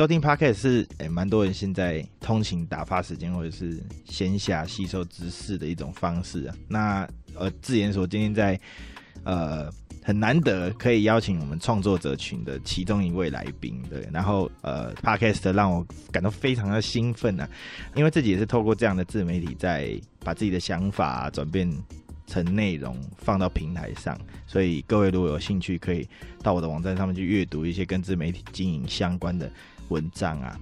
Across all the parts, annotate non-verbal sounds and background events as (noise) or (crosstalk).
收聽 Podcast 是誒，蠻、欸、多人現在通勤打發時間或者是閒暇吸收知識的一種方式啊。那呃，而自研所今天在呃很難得可以邀請我們創作者群的其中一位來賓，對，然後呃，Podcast 讓我感到非常的興奮啊，因為自己也是透過這樣的自媒體在把自己的想法、啊、轉變成內容放到平台上，所以各位如果有興趣，可以到我的網站上面去閱讀一些跟自媒體經營相關的文章啊，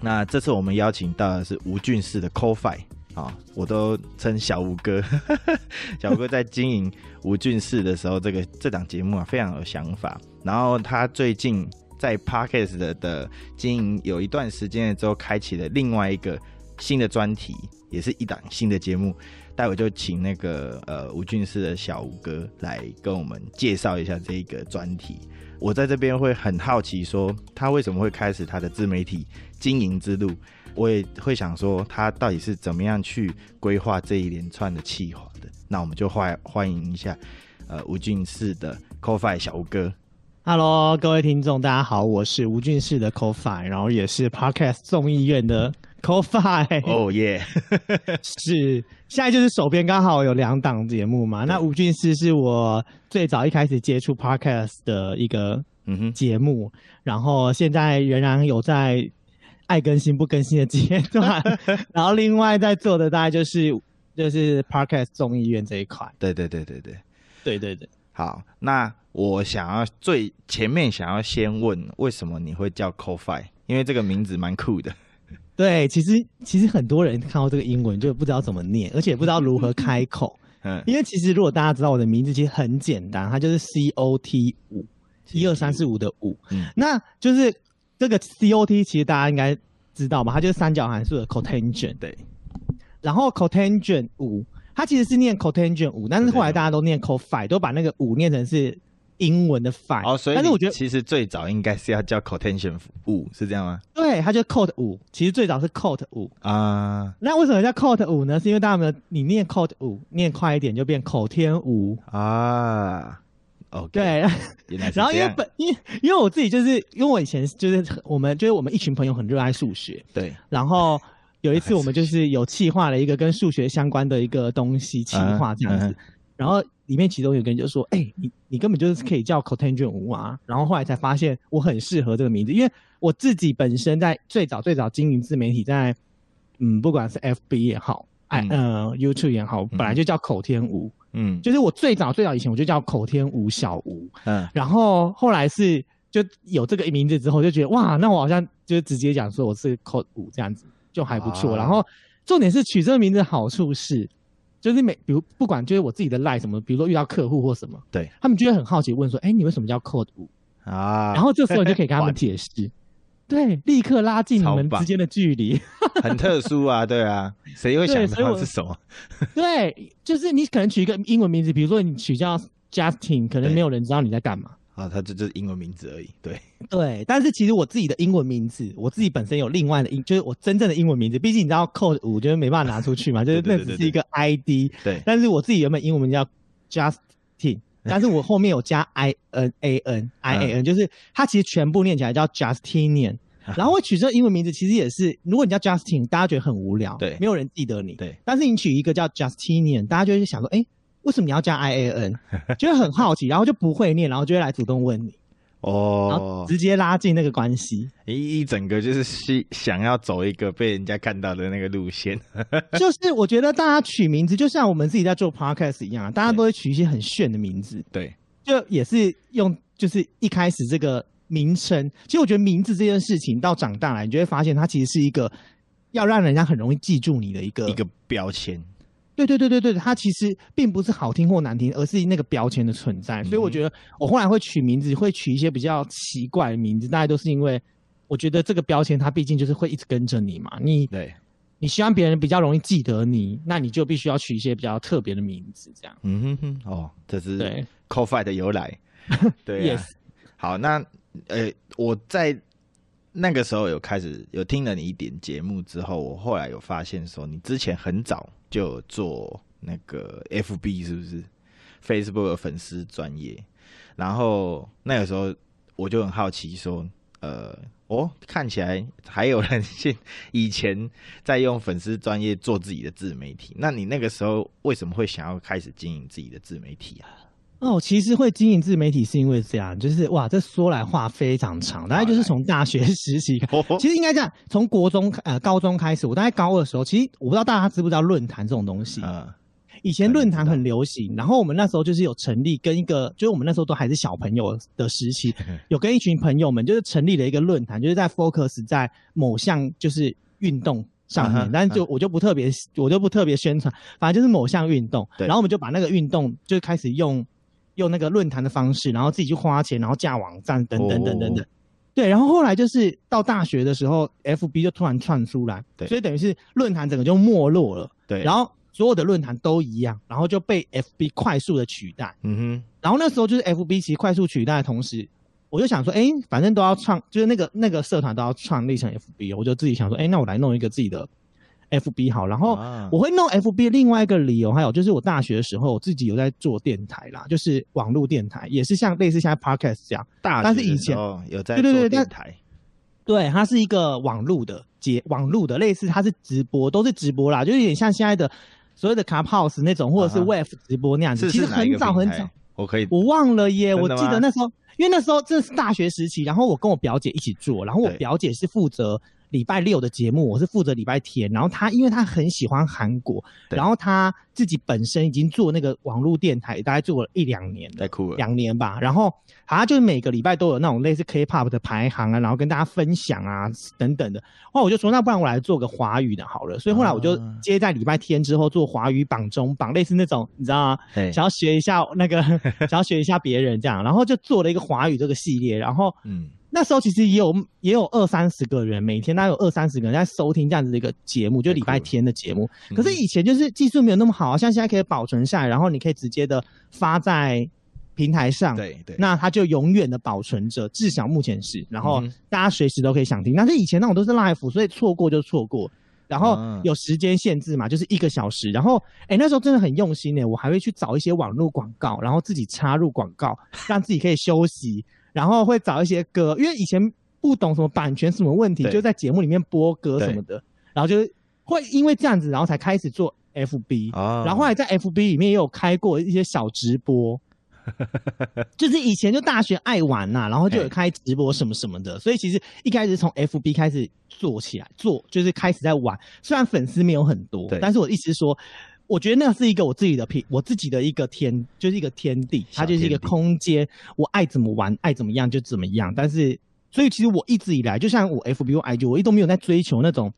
那這次我們邀請到的是吳俊士的 Cot5 啊，我都稱小吳哥。 (laughs) 小吳哥在經營吳俊士的時候，這個 (laughs) 這檔節目啊非常有想法。然後他最近在 Podcast 的的經營有一段時間了之後，開啟了另外一個新的專題，也是一檔新的節目。待會就請那個呃吳俊士的小吳哥來跟我們介紹一下這一個專題。我在這邊會很好奇說，說他為什麼會開始他的自媒體經營之路？我也會想說，他到底是怎麼樣去規劃這一連串的企劃的？那我們就歡歡迎一下呃吳俊士的 CoFi 小吳哥。Hello，各位聽眾，大家好，我是吳俊士的 CoFi，然後也是 Podcast 眾議院的 CoFi。哦耶，是。現在就是手邊剛好有兩檔節目嘛，那吳俊師是我最早一開始接觸 Podcast 的一個節目，嗯、哼然後現在仍然有在愛更新不更新的階段， (laughs) 然後另外在做的大概就是就是 Podcast 眾議院這一塊。對對對對對對對對。對對對好，那我想要最前面想要先問，為什麼你會叫 Cot5？因為這個名字蠻酷的。對，其實其實很多人看到這個英文就不知道怎麼念，而且也不知道如何開口。嗯，因為其實如果大家知道我的名字，其實很簡單，它就是 C O T 五，一二三四五的五。嗯，那就是這個 C O T，其實大家應該知道嘛，它就是三角函數的 cotangent。對，然後 cotangent 五，它其實是念 cotangent 五，但是後來大家都念 cot five，都把那個五念成是。英文的反。哦，所以但是我覺得其實最早應該是要叫口天玄五，是這樣嗎？對，它叫 cot 五，其實最早是 cot 五啊。呃、那為什麼叫 cot 五呢？是因為大家們你念 cot 五，念快一點就變口天五啊。OK，對。然後因為本因為，因為我自己就是因為我以前就是我們就是我們一群朋友很熱愛數學，對。然後有一次我們就是有企劃了一個跟數學相關的一個東西企劃這樣子。呃然後裡面其中一個人就說：“哎、欸，你你根本就是可以叫 Cotangent 吳啊。”然後後來才發現我很適合這個名字，因為我自己本身在最早最早經營自媒體在，在嗯不管是 FB 也好，哎、嗯、呃 YouTube 也好，嗯、本來就叫口天吳，嗯，就是我最早最早以前我就叫口天吳小吳，嗯，然後後來是就有這個名字之後就覺得哇，那我好像就直接講說我是 Cot 吳這樣子就還不錯。啊、然後重點是取這個名字好處是。就是每比如不管就是我自己的賴什麼，比如說遇到客戶或什麼，對他們就會很好奇問說：“哎、欸，你為什麼叫 Cot5 啊？”然後這時候你就可以跟他們解釋，玩對，立刻拉近你們棒之間的距離。很特殊啊， (laughs) 對啊，誰會想到對是什麼？ (laughs) 對，就是你可能取一個英文名字，比如說你取叫 Justin，可能沒有人知道你在幹嘛。啊，他這這是英文名字而已，對，對，但是其實我自己的英文名字，我自己本身有另外的英，就是我真正的英文名字。畢竟你知道 Cot5 就是沒辦法拿出去嘛，就是那只是一個 ID。對，對，對，對，對。但是我自己原本英文名叫 Justin，但是我後面有加 IN, (laughs) I N A N I A N，就是它其實全部念起來叫 Justinian。 (laughs) 然後我取這個英文名字，其實也是，如果你叫 Justin，大家覺得很無聊，對，沒有人記得你，對。但是你取一個叫 Justinian，大家就會想說，哎。為什麼要加 I A N？ (laughs) 就很好奇，然後就不會念，然後就會來主動問你哦，oh, 直接拉近那個關係。一整個就是是想要走一個被人家看到的那個路線， (laughs) 就是我覺得大家取名字，就像我們自己在做 Podcast 一樣啊，大家都會取一些很炫的名字。對，就也是用，就是一開始這個名稱。其實我覺得名字這件事情到長大來，你就會發現它其實是一個要讓人家很容易記住你的一個一個標籤。對對對對對，它其實並不是好聽或難聽，而是那個標籤的存在。所以我覺得，我後來會取名字，會取一些比較奇怪的名字。大概都是因為，我覺得這個標籤它畢竟就是會一直跟着你嘛。你，對你希望別人比較容易記得你，那你就必須要取一些比較特別的名字，這樣。嗯哼哼，哦，這是 Cot5 的由來。對。 (laughs) 對啊。好，那呃，我在。那個時候有開始有聽了你一點節目之後，我後來有發現說，你之前很早就有做那個 FB 是不是 Facebook 的粉絲專頁？然後那個時候我就很好奇說，呃，哦，看起來還有人現在以前在用粉絲專頁做自己的自媒體。那你那個時候為什麼會想要開始經營自己的自媒體啊？哦，其實會經營自媒體是因為是這樣，就是哇，這說來話非常長，大概就是從大學時期，來其實應該這樣，從國中呃高中開始，我大概高二的時候，其實我不知道大家知不知道論壇這種東西，嗯、呃，以前論壇很流行，然後我們那時候就是有成立跟一個，就是我們那時候都還是小朋友的時期，有跟一群朋友們就是成立了一個論壇，就是在 focus 在某項就是運動上面，啊、呵但是就我就不特別、啊、我就不特別宣傳，反正就是某項運動，對，然後我們就把那個運動就開始用。用那個論壇的方式，然後自己去花錢，然後架網站，等等等等等,等，oh. 對。然後後來就是到大學的時候，FB 就突然竄出來，對，所以等於是論壇整個就沒落了，對。然後所有的論壇都一樣，然後就被 FB 快速的取代，嗯哼、mm。Hmm. 然後那時候就是 FB 其實快速取代的同時，我就想說，哎，反正都要創，就是那個那個社團都要創立成 FB，、哦、我就自己想說，哎，那我來弄一個自己的。F B 好，然後我會弄 F B。另外一個理由還有就是，我大學的時候我自己有在做電台啦，就是網絡電台，也是像類似現在 Podcast 這樣。大但是以前、哦、有在做電台對對對。對，它是一個網絡的接網絡的，類似它是直播，都是直播啦，就有點像現在的所謂的 Clubhouse 那種，或者是 Web 直播那樣子。啊、是是其實很早很早，我可以。我忘了耶，我記得那時候，因為那時候這是大學時期，然後我跟我表姐一起做，然後我表姐是負責。禮拜六的節目，我是負責禮拜天。然後他，因為他很喜歡韓國，對然後他自己本身已經做那個網絡電台，大概做了一兩年了，兩年吧。然後，好像就是每個禮拜都有那種類似 K-pop 的排行啊，然後跟大家分享啊等等的。然後我就說，那不然我來做個華語的好了。所以後來我就接在禮拜天之後做華語榜中榜，啊、類似那種，你知道嗎？嘿想要學一下那個， (laughs) 想要學一下別人這樣。然後就做了一個華語這個系列。然後，嗯。那時候其實也有也有二三十個人，每天大概有二三十個人在收聽這樣子的一個節目，就禮拜天的節目。很酷，可是以前就是技術沒有那麼好啊，像現在可以保存下來，然後你可以直接的發在平台上。對，對對，那它就永遠的保存着，至少目前是。然後大家隨時都可以想聽。嗯、但是以前那種都是 live，所以錯過就錯過。然後有時間限制嘛，啊、就是一個小時。然後誒、欸、那時候真的很用心哎、欸，我還會去找一些網路廣告，然後自己插入廣告，讓自己可以休息。 (laughs) 然後會找一些歌，因為以前不懂什麼版權什麼問題，對就在節目裡面播歌什麼的。對然後就會因為這樣子，然後才開始做 FB、哦。然後後來在 FB 裡面也有開過一些小直播， (laughs) 就是以前就大學愛玩吶、啊，然後就有開直播什麼什麼的。嘿所以其實一開始從 FB 開始做起來，做就是開始在玩，雖然粉絲沒有很多，對但是我意思是說。我覺得那是一個我自己的平，我自己的一個天，就是一個天地，它就是一個空間。我愛怎麼玩，愛怎麼樣就怎麼樣。但是，所以其實我一直以來，就像我 FB 和 IG，我一直都沒有在追求那種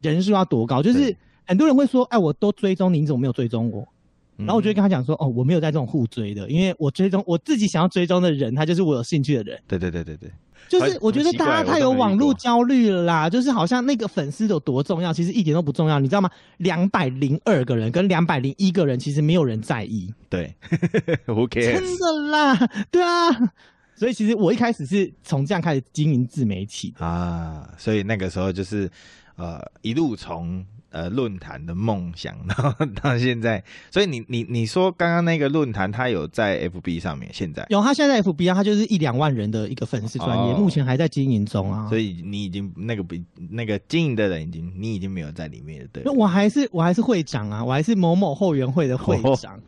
人數要多高。就是很多人會說，哎，我都追蹤你，你怎麼沒有追蹤我？然後我就跟他講說，嗯、哦，我沒有在這種互追的，因為我追蹤我自己想要追蹤的人，他就是我有興趣的人。對對對對對，就是我覺得大家太有網絡焦慮了啦，就是好像那個粉絲有多重要，其實一點都不重要，你知道嗎？兩百零二個人跟兩百零一個人，其實沒有人在意。對 (laughs) ，OK，Who cares? 真的啦，對啊，所以其實我一開始是從這樣開始經營自媒體啊，所以那個時候就是，呃，一路從。呃，論壇的夢想，然後到現在，所以你你你說剛剛那個論壇，他有在 FB 上面？現在有，他現在在 FB 啊，他就是一兩萬人的一個粉絲專頁，哦、目前還在經營中啊。所以你已經那個不那個經營的人已經你已經沒有在裡面了，對了。那我還是我還是會長啊，我還是某某後援會的會長，哦、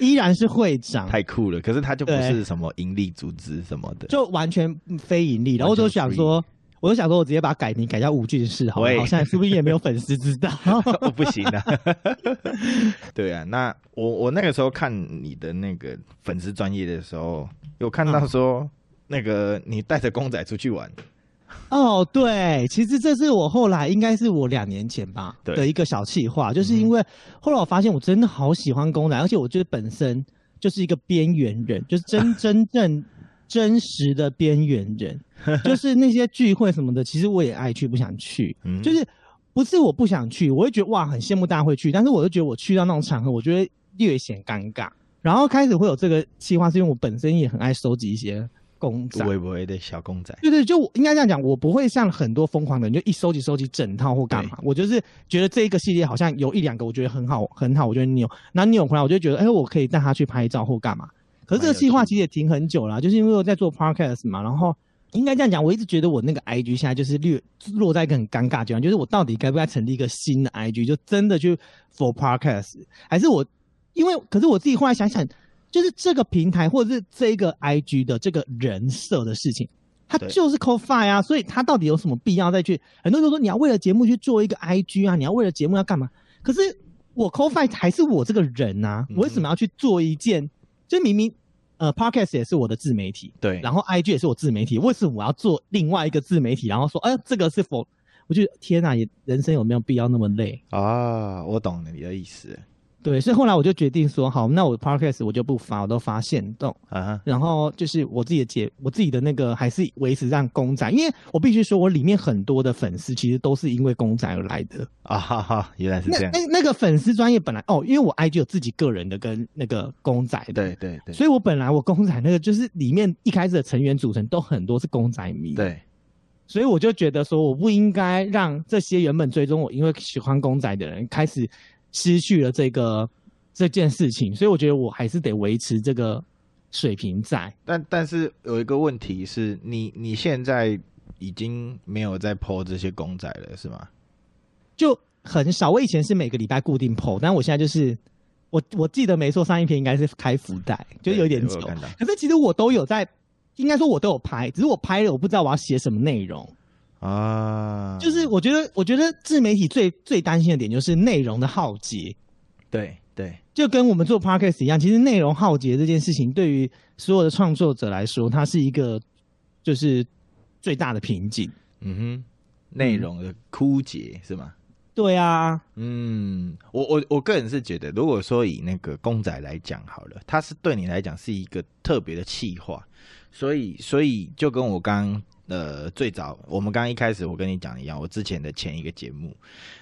依然是會長、嗯。太酷了，可是他就不是什麼盈利組織什麼的，就完全非盈利。然後我就想說。我就想說，我直接把改名改叫武俊士好。我也 好像是不是也沒有粉絲知道？ (laughs) 我不行的、啊。 (laughs) 對啊，那我我那個時候看你的那個粉絲專業的時候，有看到說那個你帶着公仔出去玩、嗯。哦，對，其實這是我後來應該是我兩年前吧的一個小企劃，對就是因為後來我發現我真的好喜歡公仔，而且我覺得本身就是一個邊緣人，就是真 (laughs) 真正真實的邊緣人。 (laughs) 就是那些聚會什麼的，其實我也愛去，不想去。嗯、就是不是我不想去，我會覺得哇，很羨慕大家會去。但是我就覺得我去到那種場合，我覺得略顯尷尬。然後開始會有這個計劃，是因為我本身也很愛收集一些公仔，喂喂的小公仔。對對，就應該這樣講。我不會像很多瘋狂的人，就一收集收集整套或幹嘛。對我就是覺得這一個系列好像有一兩個，我覺得很好很好。我就扭，那扭回來，我就覺得哎，我可以帶他去拍照或幹嘛。可是這個計劃其實也停很久了、啊，就是因為我在做 Podcast 嘛，然後。應該這樣講，我一直覺得我那個 IG 現在就是略落在一個很尷尬的地方，就是我到底該不該成立一個新的 IG，就真的去 For Podcast，還是我？因為可是我自己後來想想，就是這個平台或者是這個 IG 的這個人設的事情，它就是 Co-Fi 啊，對所以它到底有什麼必要再去？很多人都說你要為了節目去做一個 IG 啊，你要為了節目要幹嘛？可是我 Co-Fi 還是我這個人啊，嗯、我為什麼要去做一件，就明明？呃，Podcast 也是我的自媒體，對，然後 IG 也是我自媒體，為什麼我要做另外一個自媒體？然後說，哎、呃，這個是否？我覺得天哪，也人生有沒有必要那麼累？啊，我懂了你的意思。對，所以後來我就決定說，好，那我 Podcast 我就不發，我都發限動啊。Uh huh. 然後就是我自己的解，我自己的那個還是維持讓公仔，因為我必須說，我裡面很多的粉絲其實都是因為公仔而來的啊，哈哈、uh，huh、huh, 原來是這樣。那那,那個粉絲專頁本來哦，因為我 IG 有自己個人的跟那個公仔，對對對，uh huh. 所以我本來我公仔那個就是裡面一開始的成員組成都很多是公仔迷，對、uh，huh. 所以我就覺得說，我不應該讓這些原本追蹤我因為喜歡公仔的人開始。失去了這個這件事情，所以我覺得我還是得維持這個水平在。但但是有一個問題是你你現在已經沒有在 po 這些公仔了是嗎？就很少，我以前是每個禮拜固定 po，但我現在就是我我記得沒錯，上一篇應該是開福袋，嗯、就有點久。可是其實我都有在，應該說我都有拍，只是我拍了我不知道我要寫什麼內容。啊，就是我覺得，我覺得自媒體最最擔心的點就是內容的耗竭，對對，對就跟我們做 podcast 一樣，其實內容耗竭這件事情對於所有的創作者來說，它是一個就是最大的瓶頸。嗯哼，內容的枯竭、嗯、是嗎？對啊，嗯，我我我個人是覺得，如果說以那個公仔來講好了，它是對你來講是一個特別的企劃，所以所以就跟我剛剛。呃，最早我們剛剛一開始，我跟你講一樣，我之前的前一個節目，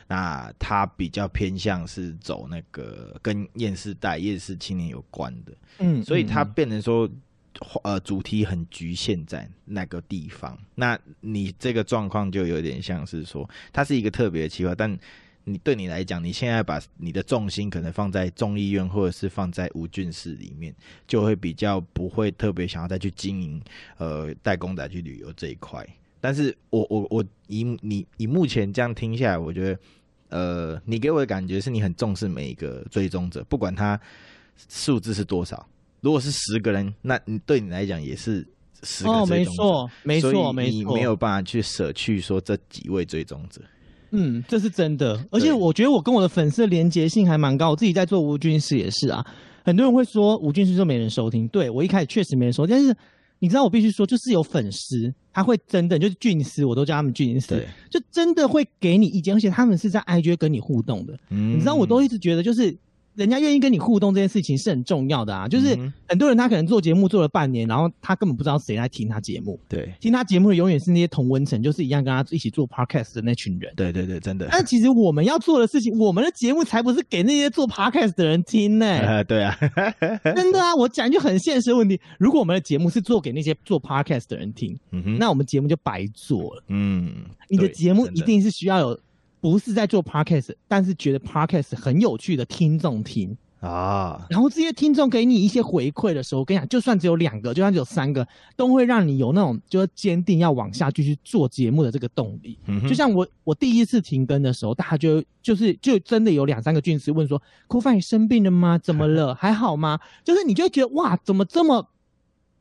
那它比較偏向是走那個跟厭世代、厭世青年有關的，嗯，所以它變成說，嗯、呃，主題很局限在那個地方。那你這個狀況就有點像是說，它是一個特別的企劃，但。你對你來講，你現在把你的重心可能放在眾議院，或者是放在無菌室裡面，就會比較不會特別想要再去經營，呃，帶公仔去旅遊這一塊。但是我我我以你以目前這樣聽下來，我覺得，呃，你給我的感覺是你很重視每一個追蹤者，不管他數字是多少，如果是十個人，那你對你來講也是十個追蹤者，沒錯，沒錯，你沒有辦法去捨去說這幾位追蹤者。嗯，這是真的，而且我覺得我跟我的粉絲的連接性還蠻高。我自己在做無菌室也是啊，很多人會說無菌室說沒人收聽，對，我一開始確實沒人收聽，但是你知道我必須說，就是有粉絲他會真的就是菌絲，我都叫他們菌絲，對就真的會給你意見，而且他們是在 IG 跟你互動的，嗯，你知道我都一直覺得就是。人家願意跟你互動這件事情是很重要的啊，嗯、哼就是很多人他可能做節目做了半年，然後他根本不知道誰來聽他節目。對，聽他節目永遠是那些同溫層，就是一樣跟他一起做 podcast 的那群人。對對對，真的。但其實我們要做的事情，我們的節目才不是給那些做 podcast 的人聽呢、欸呃。對啊， (laughs) 真的啊，我講一句很現實的問題：如果我們的節目是做給那些做 podcast 的人聽，嗯、哼那我們節目就白做了。嗯，你的節目一定是需要有。不是在做 podcast，但是覺得 podcast 很有趣的聽眾聽啊，然後這些聽眾給你一些回饋的時候，我跟你講，就算只有兩個，就算只有三個，都會讓你有那種就是堅定要往下繼續做節目的這個動力。嗯哼，就像我我第一次停更的時候，大家就就是就真的有兩三個粉絲問說，酷范 (music) 你生病了嗎？怎麼了？還好嗎？ (laughs) 就是你就會覺得哇，怎麼這麼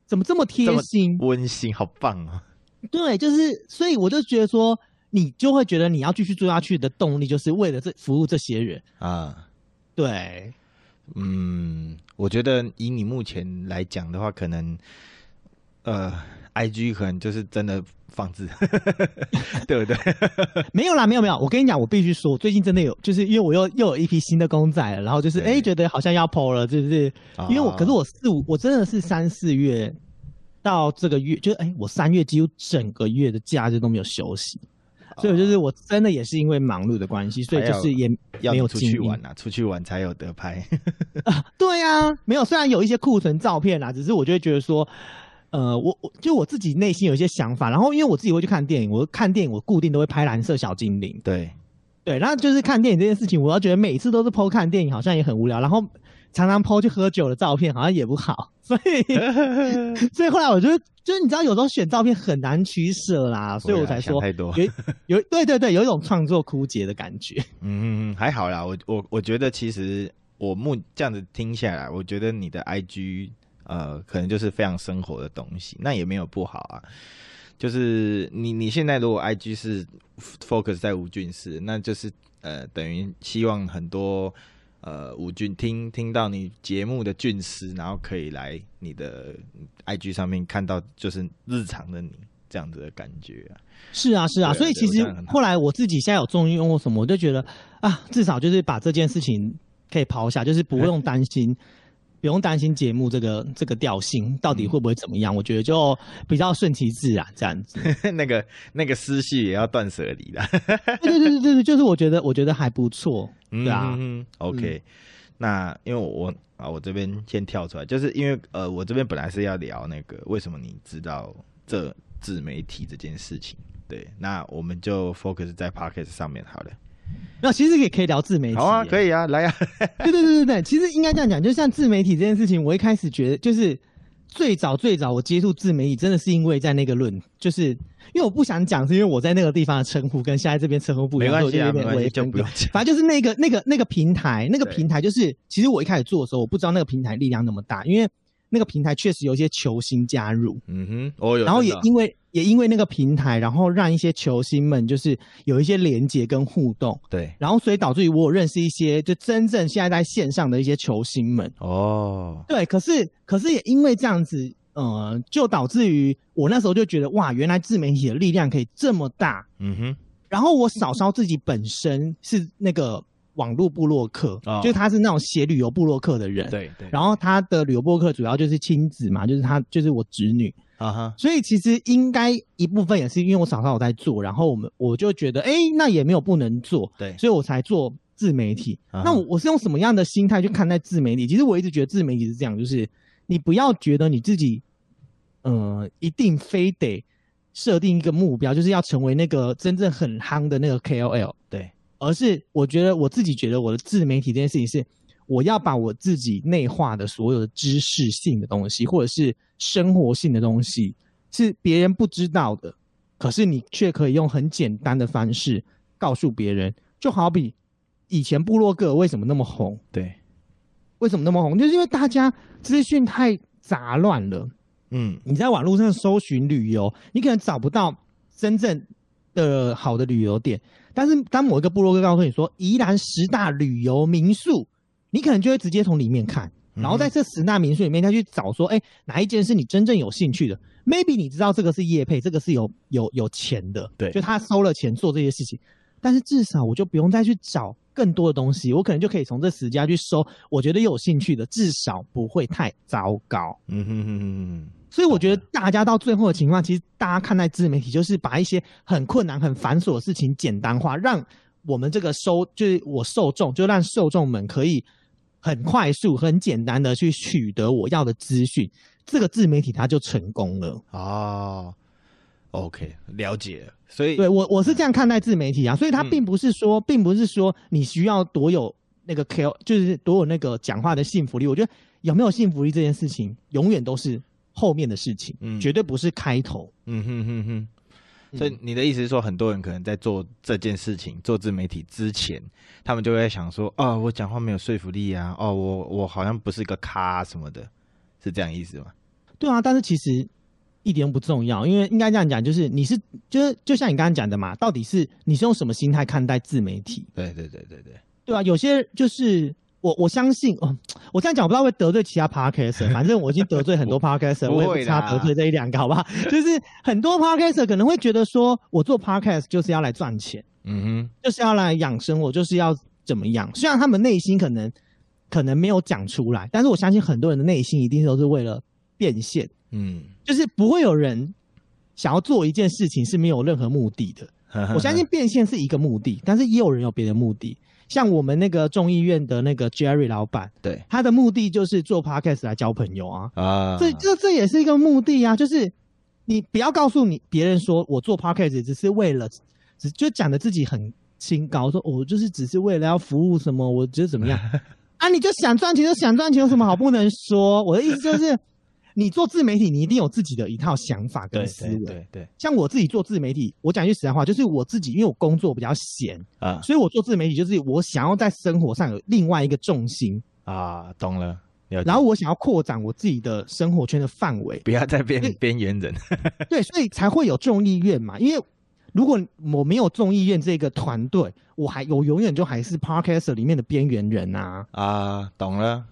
怎麼這麼貼心，溫馨，好棒啊！對，就是所以我就覺得說。你就會覺得你要繼續做下去的動力，就是為了這服務這些人啊。對，嗯，我覺得以你目前來講的話，可能，呃，IG 可能就是真的放置 (laughs) (laughs) 對不對，對？ (laughs) 沒有啦，沒有沒有，我跟你講，我必須說，我最近真的有，就是因為我又又有一批新的公仔了，然後就是哎對、欸，覺得好像要 po 了，是、就、不是？因為我可是我四五，我真的是三四月到這個月，就是哎、欸，我三月幾乎整個月的假日都沒有休息。所以就是我真的也是因為忙碌的關係，所以就是也沒有要要出去玩啦、啊，出去玩才有得拍 (laughs) 、啊。對啊，沒有，雖然有一些庫存照片啦，只是我就會覺得說，呃，我我就我自己內心有一些想法，然後因為我自己會去看電影，我看電影我固定都會拍藍色小精靈。對，對，然後就是看電影這件事情，我要覺得每次都是 po 看電影，好像也很無聊，然後。常常 po 去喝酒的照片，好像也不好，所以 (laughs) 所以後來我就，就是你知道，有時候選照片很難取捨啦，所以我才說，啊、想太多有，有對對對，有一種創作枯竭的感覺。 (laughs) 嗯，還好啦，我我我覺得其實我目這樣子聽下來，我覺得你的 IG 呃，可能就是非常生活的東西，那也沒有不好啊。就是你你現在如果 IG 是 focus 在吳俊士，那就是呃等於希望很多。呃，吳俊聽聽到你節目的俊師，然後可以來你的 IG 上面看到，就是日常的你這樣子的感覺、啊。是啊，是啊，啊所以其實後來我自己現在有重用過什麼，我就覺得啊，至少就是把這件事情可以拋下，就是不用擔心， (laughs) 不用擔心節目這個這個調性到底會不會怎麼樣。嗯、我覺得就比較順其自然這樣子， (laughs) 那個那個思緒也要斷舍離了。對對對對對，就是我覺得我覺得還不錯。對啊，OK，那因為我啊，我這邊先跳出來，就是因為呃，我這邊本來是要聊那個，為什麼你知道這自媒體這件事情，對，那我們就 focus 在 Podcast 上面好了。那其實也可以聊自媒體，欸，好啊，可以啊，來呀、啊。對 (laughs) 對對對對，其實應該這樣講，就像自媒體這件事情，我一開始覺得就是。最早最早我接觸自媒體真的是因為在那個論，就是因為我不想講，是因為我在那個地方的稱呼跟現在這邊稱呼不一樣，沒關係、啊，沒關係，也就不用，反正就是那個那個那個平台，那個平台就是，對其實我一開始做的時候，我不知道那個平台力量那麼大，因為。那個平台確實有一些球星加入，嗯哼，哦，然後也因為也因為那個平台，然後讓一些球星們就是有一些連接跟互動，對，然後所以導致於我有認識一些就真正現在在線上的一些球星們，哦，對，可是可是也因為這樣子，呃，就導致於我那時候就覺得哇，原來自媒體的力量可以這麼大，嗯哼，然後我少少自己本身是那個。網絡部落客，oh. 就他是那種寫旅遊部落客的人，對對,對。然後他的旅遊部落客主要就是親子嘛，就是他就是我侄女，啊哈、uh。Huh. 所以其實應該一部分也是因為我嫂嫂有我在做，然後我們我就覺得，哎、欸，那也沒有不能做，對。所以我才做自媒體。Uh huh. 那我我是用什麼樣的心態去看待自媒體？其實我一直覺得自媒體是這樣，就是你不要覺得你自己，嗯、呃、一定非得設定一個目標，就是要成為那個真正很夯的那個 KOL。而是我覺得我自己覺得我的自媒體這件事情是，我要把我自己內化的所有的知識性的東西，或者是生活性的東西，是別人不知道的，可是你卻可以用很簡單的方式告訴別人。就好比以前部落格為什麼那麼紅？對，為什麼那麼紅？就是因為大家資訊太雜亂了。嗯，你在網絡上搜尋旅遊，你可能找不到真正的好的旅遊點。但是當某一個部落格告訴你說，宜蘭十大旅遊民宿，你可能就會直接從裡面看，然後在這十大民宿裡面再去找說，哎、嗯哼欸，哪一間是你真正有興趣的？Maybe 你知道這個是業配，這個是有有有錢的，對，就他收了錢做這些事情。但是至少我就不用再去找更多的東西，我可能就可以從這十家去收，我覺得有興趣的，至少不會太糟糕。嗯哼嗯哼嗯哼。所以我覺得大家到最後的情況，其實大家看待自媒體就是把一些很困難、很繁瑣的事情簡單化，讓我們這個收就是我受眾，就讓受眾們可以很快速、很簡單的去取得我要的資訊。這個自媒體它就成功了哦。OK，了解。所以，對，我我是這樣看待自媒體啊，所以它並不是說，並不是說你需要多有那個 kill 就是多有那個講話的信服力。我覺得有沒有信服力這件事情，永遠都是。後面的事情，嗯、絕對不是開頭。嗯哼哼哼，所以你的意思是說，很多人可能在做這件事情，做自媒體之前，他們就會在想說：“哦，我講話沒有說服力啊，哦，我我好像不是個咖，啊，什麼的，是這樣意思嗎？”對啊，但是其實一點都不重要，因為應該這樣講，就是你是就是就像你剛剛講的嘛，到底是你是用什麼心態看待自媒體？對對對對對，對，對啊，有些就是。我我相信，哦、我這樣講不知道會得罪其他 podcast，反正我已經得罪很多 podcast，我也 (laughs) 不差得罪這一兩個，好不好？就是很多 podcast 可能會覺得說，我做 podcast 就是要來賺錢，嗯哼，就是要來養生，我就是要怎麼樣？雖然他們內心可能可能沒有講出來，但是我相信很多人的內心一定都是為了變現，嗯，就是不會有人想要做一件事情是沒有任何目的的。 (laughs) 我相信變現是一個目的，但是也有人有別的目的。像我們那個眾議院的那個 Jerry 老闆，對，他的目的就是做 Podcast 來交朋友啊，啊，這這這也是一個目的啊，就是你不要告訴你別人說我做 Podcast 只是為了，只就講的自己很清高，說我就是只是為了要服務什麼，我覺得怎麼樣，啊，你就想賺錢就想賺錢有什麼好不能說，我的意思就是。 (laughs) 你做自媒體，你一定有自己的一套想法跟思維。對，對，對，對，像我自己做自媒體，我講句實在話，就是我自己，因為我工作比較閒啊，所以我做自媒體就是我想要在生活上有另外一個重心啊，懂了。了解。然後我想要擴展我自己的生活圈的範圍，不要再變邊緣人。 (laughs) 對，所以才會有眾議院嘛。因為如果我沒有眾議院這個團隊，我還我永遠就還是 Podcast 裡面的邊緣人啊啊，懂了。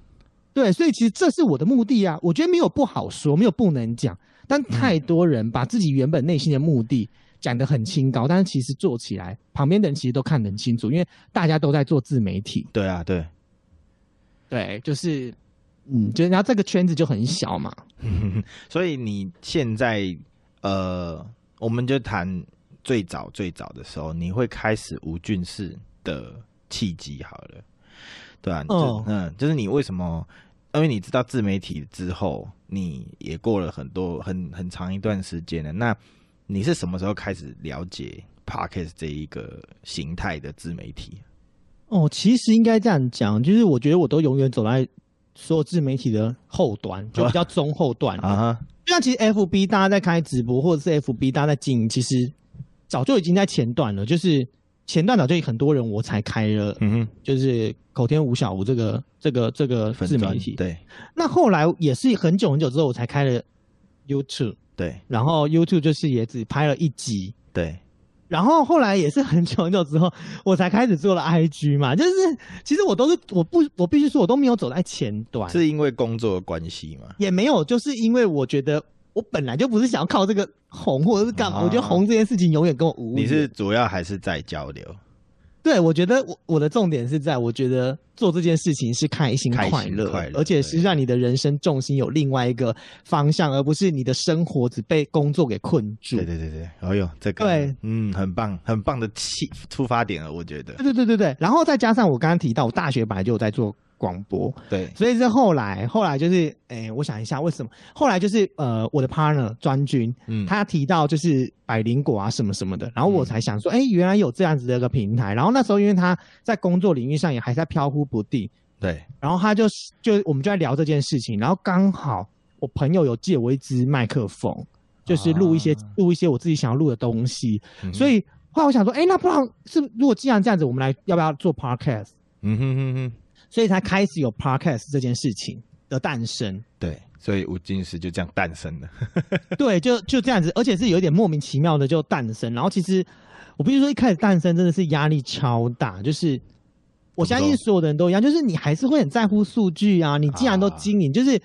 對，所以其實這是我的目的啊。我覺得沒有不好說，沒有不能講。但太多人把自己原本內心的目的講得很清高，嗯、但是其實做起來，旁邊的人其實都看得很清楚，因為大家都在做自媒體。對啊，對，對，就是，嗯，就然後這個圈子就很小嘛。 (laughs) 所以你現在，呃，我們就談最早最早的時候，你會開始無菌室的契機好了。對啊，哦、嗯，就是你為什麼？因為你知道自媒體之後，你也過了很多很很長一段時間了。那你是什麼時候開始了解 Podcast 這一個形態的自媒體？哦，其實應該這樣講，就是我覺得我都永遠走在所有自媒體的後端，就比較中後段啊。 (laughs) 就像其實 FB 大家在開直播，或者是 FB 大家在經營，其實早就已經在前段了，就是。前段早就很多人，我才開了，嗯哼，就是口天吳小吳這個、嗯、這個這個自媒體，對。那後來也是很久很久之後，我才開了 YouTube，對。然後 YouTube 就是也只拍了一集，對。然後後來也是很久很久之後，我才開始做了 IG 嘛，就是其實我都是我不我必須說，我都沒有走在前段，是因為工作的關係嗎？也沒有，就是因為我覺得。我本來就不是想要靠這個紅，或者是幹嘛？哦、我覺得紅這件事情永遠跟我無關。你是主要還是在交流？對，我覺得我我的重點是在，我覺得做這件事情是開心快樂，快樂而且是讓你的人生重心有另外一個方向，對而不是你的生活只被工作給困住。對對對對，哎、哦、呦，這個對，嗯，很棒，很棒的起出發點了，我覺得。對對對對對，然後再加上我剛剛提到，我大學本來就有在做。廣播對，所以是後來，後來就是，哎、欸，我想一下為什麼後來就是，呃，我的 partner 專軍，嗯，他提到就是百靈果啊什麼什麼的，然後我才想說，哎、嗯欸，原來有這樣子的一個平台。然後那時候因為他在工作領域上也還在飄忽不定，對，然後他就是就我們就在聊這件事情，然後剛好我朋友有借我一支麥克風，就是錄一些、啊、錄一些我自己想要錄的東西，嗯、所以後來我想說，哎、欸，那不然是如果既然這樣子，我們來要不要做 Podcast？嗯哼哼哼。所以才開始有 podcast 這件事情的誕生。對，所以吳京時就這樣誕生了。 (laughs) 對，就就這樣子，而且是有一點莫名其妙的就誕生。然後其實我必須說，一開始誕生真的是壓力超大。就是我相信所有的人都一樣，就是你還是會很在乎數據啊。你既然都經營，啊、就是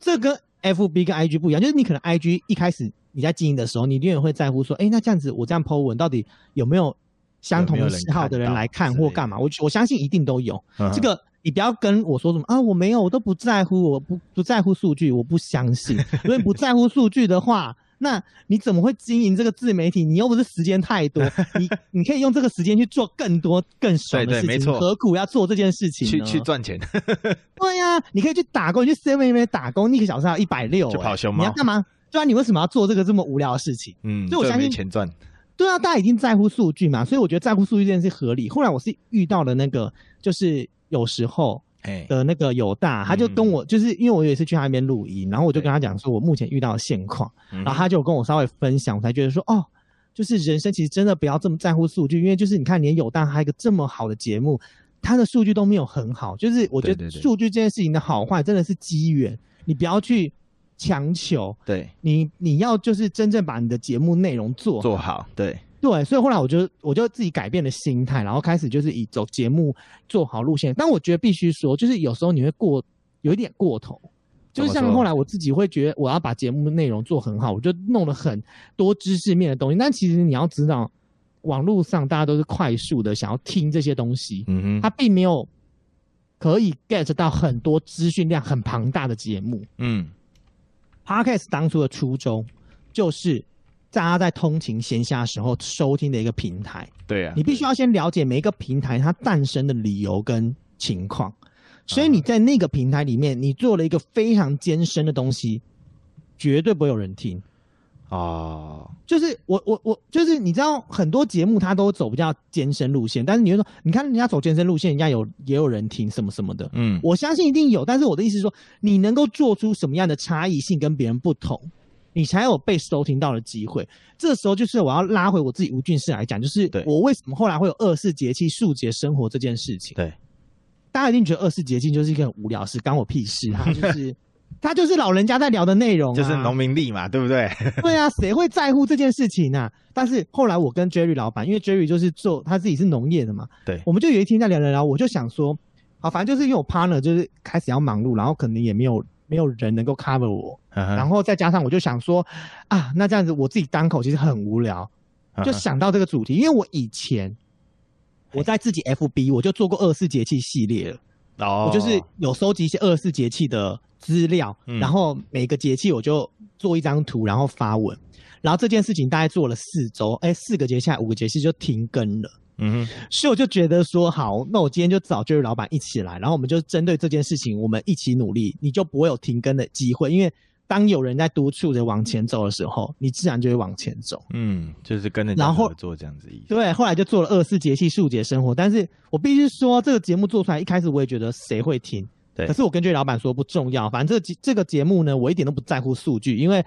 這跟 FB 跟 IG 不一樣。就是你可能 IG 一開始你在經營的時候，你永遠會在乎說，哎、欸，那這樣子我這樣 Po 文到底有沒有相同的喜好的人來看或幹嘛？有有我我相信一定都有、嗯、哼這個。你不要跟我說什麼啊！我沒有，我都不在乎，我不不在乎數據，我不相信。因為你不在乎數據的話， (laughs) 那你怎麼會經營這個自媒體？你又不是時間太多， (laughs) 你你可以用這個時間去做更多更爽的事情，對對對，何苦要做這件事情呢去？去去賺錢。 (laughs) 對呀，你可以去打工，去 Seven 打工，一個小時、欸、要一百六，就跑熊貓？你要幹嘛？對啊，你為什麼要做這個這麼無聊的事情？嗯，所以我相信。沒錢賺對啊，大家已經在乎數據嘛，所以我覺得在乎數據這件事合理。後來我是遇到了那個，就是。有時候，哎，的那個友大，hey, 他就跟我，嗯、就是因為我也是去他那邊錄音，然後我就跟他講說，我目前遇到的現況，對然後他就跟我稍微分享，我才覺得說，嗯、哦，就是人生其實真的不要這麼在乎數據，因為就是你看，連友大還有一個這麼好的節目，他的數據都沒有很好，就是我覺得數據這件事情的好壞真的是機緣，對對對，你不要去強求，對你，你要就是真正把你的節目內容做做好，做好，對。對，所以後來我就我就自己改變了心態，然後開始就是以走節目做好路線。但我覺得必須說，就是有時候你會過有一點過頭，就是、像後來我自己會覺得我要把節目內容做很好，我就弄了很多知識面的東西。但其實你要知道，網絡上大家都是快速的想要聽這些東西，嗯哼，他並沒有可以 get 到很多資訊量很龐大的節目。嗯，Podcast 當初的初衷就是。大家在通勤、閒暇時候收聽的一個平台，對啊，你必須要先了解每一個平台它誕生的理由跟情況，對啊，所以你在那個平台裡面，嗯，你做了一個非常艱深的東西，絕對不會有人聽。哦，就是我我我就是你知道很多節目它都走比較艱深路線，但是你就是說你看人家走艱深路線，人家有也有人聽什麼什麼的，嗯，我相信一定有，但是我的意思是說，你能夠做出什麼樣的差異性跟別人不同？你才有被收聽到的機會。這時候就是我要拉回我自己吳俊師來講，就是我為什麼後來會有二十四節氣數節生活這件事情。對，大家一定覺得二十四節氣就是一個很無聊事，關我屁事啊！就是他 (laughs) 就是老人家在聊的內容、啊，就是農民曆嘛，對不對？ (laughs) 對啊，誰會在乎這件事情呢、啊？但是後來我跟 Jerry 老闆，因為 Jerry 就是做他自己是農業的嘛，對，我們就有一天在聊聊聊，我就想說，好，反正就是因為 partner 就是開始要忙碌，然後可能也沒有。沒有人能夠 cover 我，呵呵，然後再加上我就想說，啊，那這樣子我自己單口其實很無聊，就想到這個主題，因為我以前我在自己 FB 我就做過二十四節氣系列了，嘿我就是有收集一些二十四節氣的資料，哦、然後每個節氣我就做一張圖，然後發文。嗯然後這件事情大概做了四周，哎，四個節氣，五個節氣就停更了。嗯哼，所以我就覺得說，好，那我今天就找這位老闆一起來，然後我們就針對這件事情，我們一起努力，你就不會有停更的機會。因為當有人在督促着往前走的時候，你自然就會往前走。嗯，就是跟着然後做這樣子。對，後來就做了二四節氣、數節生活。但是我必須說，這個節目做出來，一開始我也覺得誰會聽？對。可是我跟這位老闆說不重要，反正這這個節目呢，我一點都不在乎數據，因為。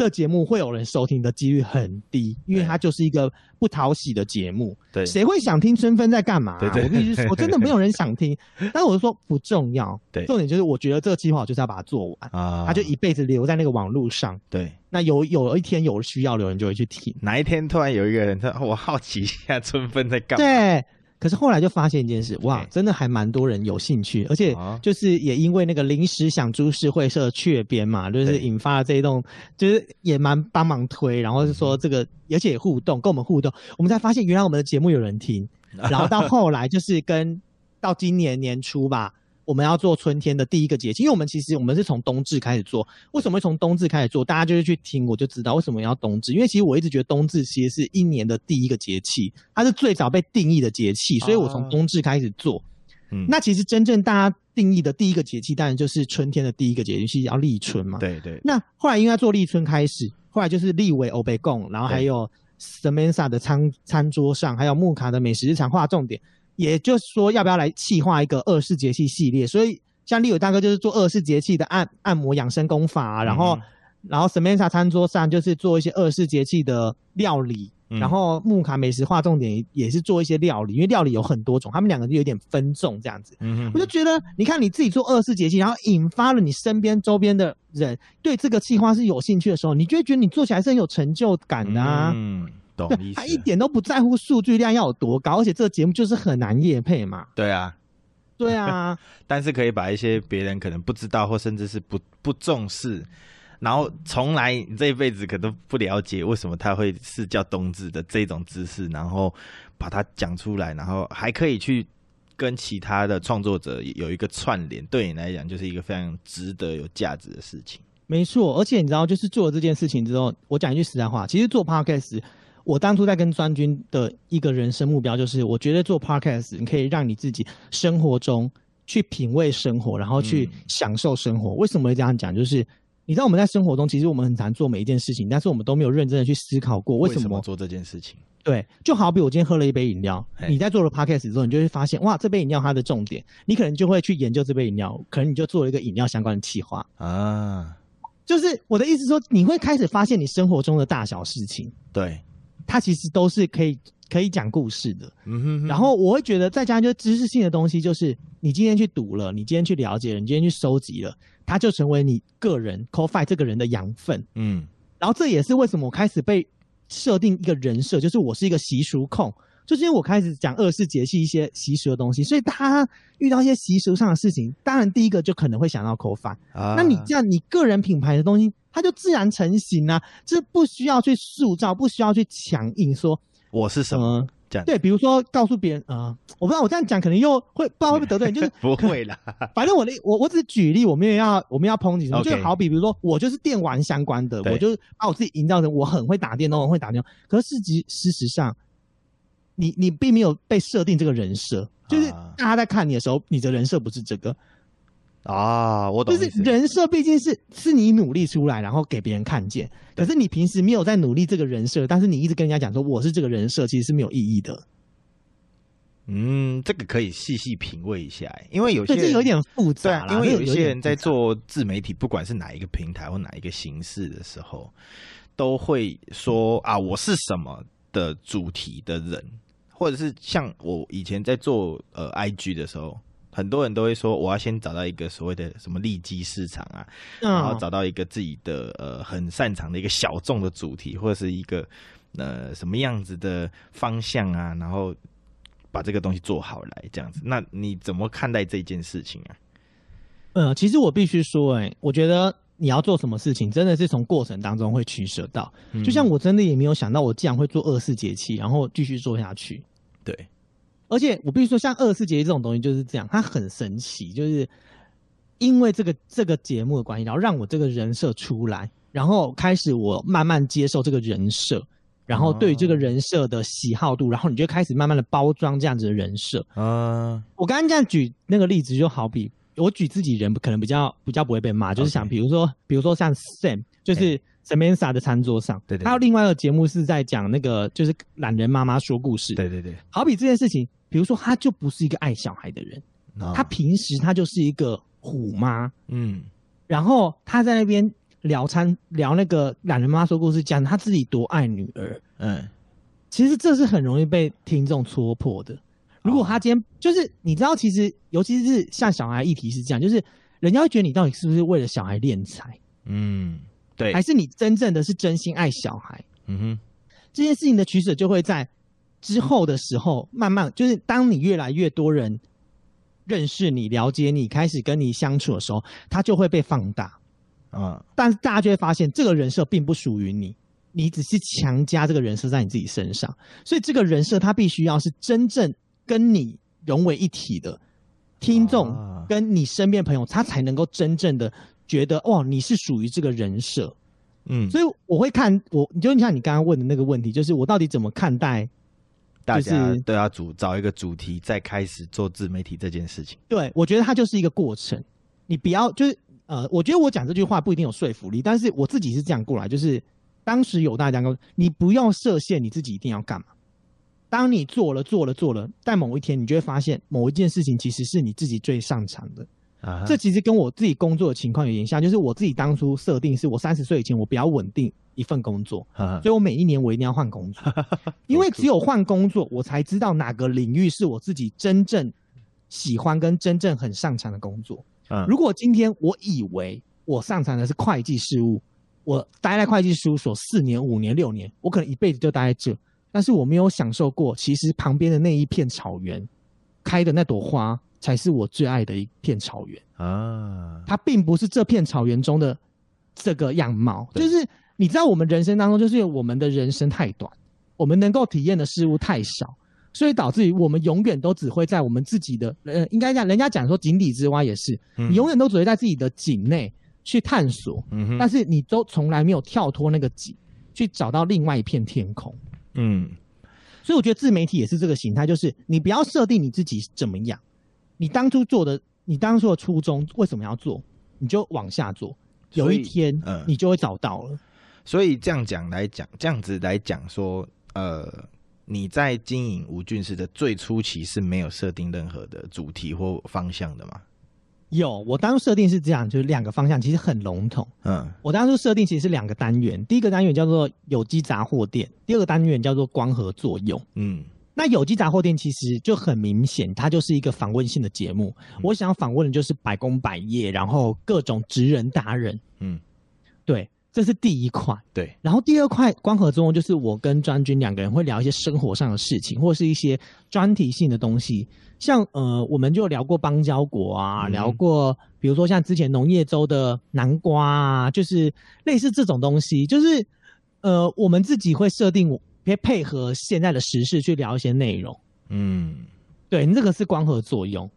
這節目會有人收聽的幾率很低，因為它就是一個不討喜的節目。對，誰會想聽春分在幹嘛？啊？對對我必須說，我真的沒有人想聽。 (laughs) 但我就說不重要，對，重點就是我覺得這個計劃我就是要把它做完啊，哦、它就一輩子留在那個網路上。對，那有有一天有需要的人就會去聽。哪一天突然有一個人說，我好奇一下春分在幹嘛？對可是後來就發現一件事，哇，真的還蠻多人有興趣，對而且就是也因為那個臨時想株式會社的確編嘛，就是引發了這一棟，對就是也蠻幫忙推，然後就說這個，嗯、而且也互動，跟我們互動，我們才發現原來我們的節目有人聽，然後到後來就是跟 (laughs) 到今年年初吧。我們要做春天的第一個節氣，因為我們其實我們是從冬至開始做。為什麼會從冬至開始做？大家就是去聽我就知道為什麼要冬至，因為其實我一直覺得冬至其實是一年的第一個節氣，它是最早被定義的節氣，所以我從冬至開始做。嗯、啊，那其實真正大家定義的第一個節氣，當然就是春天的第一個節氣，其實要立春嘛。對，對對。那後來因為要做立春開始，後來就是立委歐北共，然後還有 Samantha 的餐餐桌上，還有木卡的美食日常劃重點。也就是說，要不要來企劃一個二十四節氣系列？所以像立友大哥就是做二十四節氣的按按摩養生功法、啊，然後、嗯、然後 s m e n t h a 餐桌上就是做一些二十四節氣的料理，嗯、然後木卡美食畫重點也是做一些料理，因為料理有很多種，他們兩個就有點分眾這樣子。嗯、哼哼我就覺得，你看你自己做二十四節氣，然後引發了你身邊周邊的人對這個企劃是有興趣的時候，你就會覺得你做起來是很有成就感的。啊。嗯他一點都不在乎數據量要有多高，而且這個節目就是很難業配嘛。對啊，對啊， (laughs) 但是可以把一些別人可能不知道或甚至是不不重視，然後從來你這一輩子可能不了解為什麼他會是叫冬至的這種知識，然後把它講出來，然後還可以去跟其他的創作者有一個串聯。對你來講，就是一個非常值得有價值的事情。沒錯，而且你知道，就是做了這件事情之後，我講一句實在話，其實做 Podcast。我當初在跟專軍的一個人生目標就是，我覺得做 Podcast，你可以讓你自己生活中去品味生活，然後去享受生活。嗯。為什麼會這樣講？就是你知道我們在生活中，其實我們很常做每一件事情，但是我們都沒有認真的去思考過為什麼，為什麼做這件事情。對，就好比我今天喝了一杯飲料，嘿你在做了 Podcast 之後，你就會發現，哇，這杯飲料它的重點，你可能就會去研究這杯飲料，可能你就做了一個飲料相關的企劃啊。就是我的意思說，你會開始發現你生活中的大小事情。對。它其實都是可以可以講故事的，嗯哼，哼，然後我會覺得再加上就知識性的東西，就是你今天去讀了，你今天去了解了，你今天去收集了，它就成為你個人 Cot5 這個人的養分，嗯，然後這也是為什麼我開始被設定一個人設，就是我是一個習俗控，就是因為我開始講二十四節氣一些習俗的東西，所以大家遇到一些習俗上的事情，當然第一個就可能會想到 Cot5 啊，那你這樣你個人品牌的東西。它就自然成型啊，這、就是、不需要去塑造，不需要去強硬說我是什麼、呃、樣對，比如說告訴別人啊、呃，我不知道我這樣講可能又會不知道會不會得罪人， (laughs) 就是不會啦， (laughs) 反正我的我我只是舉例我，我們要我們要抨擊什麼，Okay. 就好比比如說我就是電玩相關的，對我就把我自己營造成我很會打電動，很會打電動，可是實事實上，你你並沒有被設定這個人設，就是大家在看你的時候，啊、你的人設不是這個。啊，我懂，就是人設畢竟是是你努力出來，然後給別人看見。可是你平時沒有在努力這個人設，但是你一直跟人家講說我是這個人設，其實是沒有意義的。嗯，這個可以細細品味一下，因為有些，對，這有點複雜，啊，因為有一些人在做自媒體，不管是哪一個平台或哪一個形式的時候，都會說啊，我是什麼的主題的人，或者是像我以前在做呃 IG 的時候。很多人都會說，我要先找到一個所謂的什麼利基市場啊，嗯、然後找到一個自己的呃很擅長的一個小眾的主題，或者是一個呃什麼樣子的方向啊，然後把這個東西做好來這樣子。那你怎麼看待這件事情啊？呃，其實我必須說、欸，哎，我覺得你要做什麼事情，真的是從過程當中會取捨到。嗯、就像我真的也沒有想到，我竟然會做二十四節氣，然後繼續做下去。對。而且我必須說，像二十四節氣這種東西就是這樣，它很神奇，就是因為這個這個節目的關係，然後讓我這個人設出來，然後開始我慢慢接受這個人設，然後對於這個人設的喜好度，啊、然後你就開始慢慢的包裝這樣子的人設。啊，我剛剛這樣舉那個例子，就好比我舉自己人可能比較比較不會被罵，就是想比如說 Okay. 比如說像 Sam，就是 Samantha 的餐桌上，對對，還有另外一個節目是在講那個就是懶人媽媽說故事，對對對，好比這件事情。比如說，他就不是一個愛小孩的人，oh. 他平時他就是一個虎媽，嗯，然後他在那邊聊餐聊那個懶人媽說故事這樣，講他自己多愛女兒，嗯，其實這是很容易被聽眾戳破的。如果他今天、oh. 就是你知道，其實尤其是像小孩議題是這樣，就是人家會覺得你到底是不是為了小孩斂財，嗯，對，還是你真正的是真心愛小孩，嗯哼，這件事情的取捨就會在。之後的時候，慢慢就是當你越來越多人認識你、了解你、開始跟你相處的時候，他就會被放大，啊！但是大家就會發現，這個人設並不屬於你，你只是強加這個人設在你自己身上。所以，這個人設他必須要是真正跟你融為一體的。的聽眾跟你身邊朋友，他、啊、才能夠真正的覺得哇，你是屬於這個人設。嗯，所以我會看我，就你像你剛剛問的那個問題，就是我到底怎麼看待？大家都要主、就是、找一個主題，再開始做自媒體這件事情。對，我覺得它就是一個過程。你不要就是呃，我覺得我講這句話不一定有說服力，但是我自己是這樣過來，就是當時有大家說，你不要設限，你自己一定要幹嘛。當你做了做了做了，但某一天，你就會發現某一件事情其實是你自己最擅長的。啊哈，這其實跟我自己工作的情況有點像，就是我自己當初設定是我三十歲以前我比較穩定。一份工作，呵呵，所以我每一年我一定要換工作，因為只有換工作，我才知道哪個領域是我自己真正喜歡跟真正很擅長的工作。呵呵，如果今天我以為我擅長的是會計事務，我待在會計事務所四年、五年、六年，我可能一輩子就待在這，但是我沒有享受過，其實旁邊的那一片草原開的那朵花才是我最愛的一片草原啊！它並不是這片草原中的這個樣貌，對就是。你知道，我們人生當中，就是因為我們的人生太短，我們能夠體驗的事物太少，所以導致於我們永遠都只會在我們自己的，呃，應該講，人家講說井底之蛙也是，嗯、你永遠都只會在自己的井內去探索，嗯、哼但是你都從來沒有跳脫那個井去找到另外一片天空。嗯，所以我覺得自媒體也是這個形態，就是你不要設定你自己怎麼樣，你當初做的，你當初的初衷為什麼要做，你就往下做，以有一天你就會找到了。呃所以這樣講來講，這樣子來講說，呃，你在經營吳俊識的最初期是沒有設定任何的主題或方向的嗎？有，我當初設定是這樣，就是兩個方向，其實很籠統。嗯，我當初設定其實是兩個單元，第一個單元叫做有機雜貨店，第二個單元叫做光合作用。嗯，那有機雜貨店其實就很明顯，它就是一個訪問性的節目，嗯、我想要訪問的就是百工百業，然後各種職人達人。嗯，對。這是第一塊，對。然後第二塊光合作用就是我跟專軍兩個人會聊一些生活上的事情，或是一些專題性的東西，像呃，我們就聊過邦交國啊，嗯、聊過比如說像之前農業州的南瓜啊，就是類似這種東西，就是呃，我們自己會設定會配合現在的時事去聊一些內容。嗯，對你這、那個是光合作用，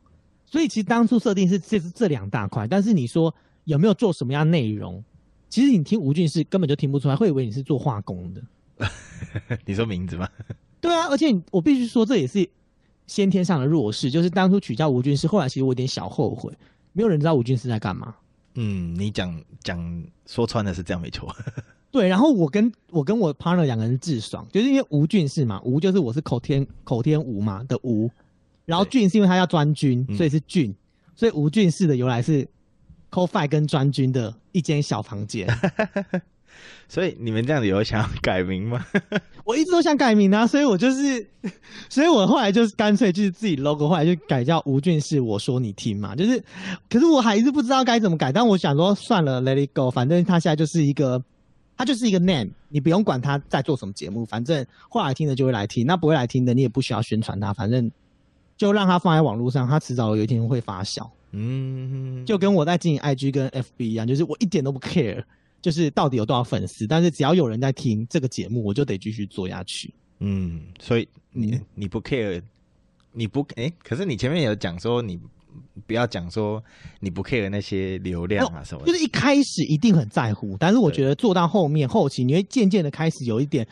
所以其實當初設定是這是這兩大塊，但是你說有沒有做什麼樣內容？其實你聽吳俊是根本就聽不出來，會以為你是做化工的。 (laughs) 你說名字嗎？對啊，而且我必須說，這也是先天上的弱勢。就是當初取叫吳俊是，後來其實我有點小後悔。沒有人知道吳俊是在幹嘛。嗯，你講講說穿了是這樣沒錯。 (laughs) 對，然後我跟我跟我 partner 兩個人是自爽，就是因為吳俊是嘛，吳就是我是口天口天吳嘛的吳，然後俊是因為他要專軍，對所以是俊，嗯、所以吳俊是的由來是，Cot5 跟專軍的一間小房間， (laughs) 所以你們這樣子有想要改名嗎？ (laughs) 我一直都想改名啊，所以我就是，所以我後來就是乾脆就是自己 logo，後來就改叫吳俊是，我說你聽嘛，就是，可是我還是不知道該怎麼改，但我想說算了，Let it go，反正他現在就是一個，他就是一個 name，你不用管他在做什麼節目，反正後來聽的就會來聽，那不會來聽的你也不需要宣傳他，反正就讓他放在網絡上，他遲早有一天會發酵。嗯，就跟我在經營 IG 跟 FB 一樣，就是我一點都不 care，就是到底有多少粉絲，但是只要有人在聽這個節目，我就得繼續做下去。嗯，所以你、嗯、你不 care，你不哎、欸，可是你前面有講說你不要講說你不 care 那些流量啊什麼，就是一開始一定很在乎， (laughs) 但是我覺得做到後面對後期，你會漸漸的開始有一點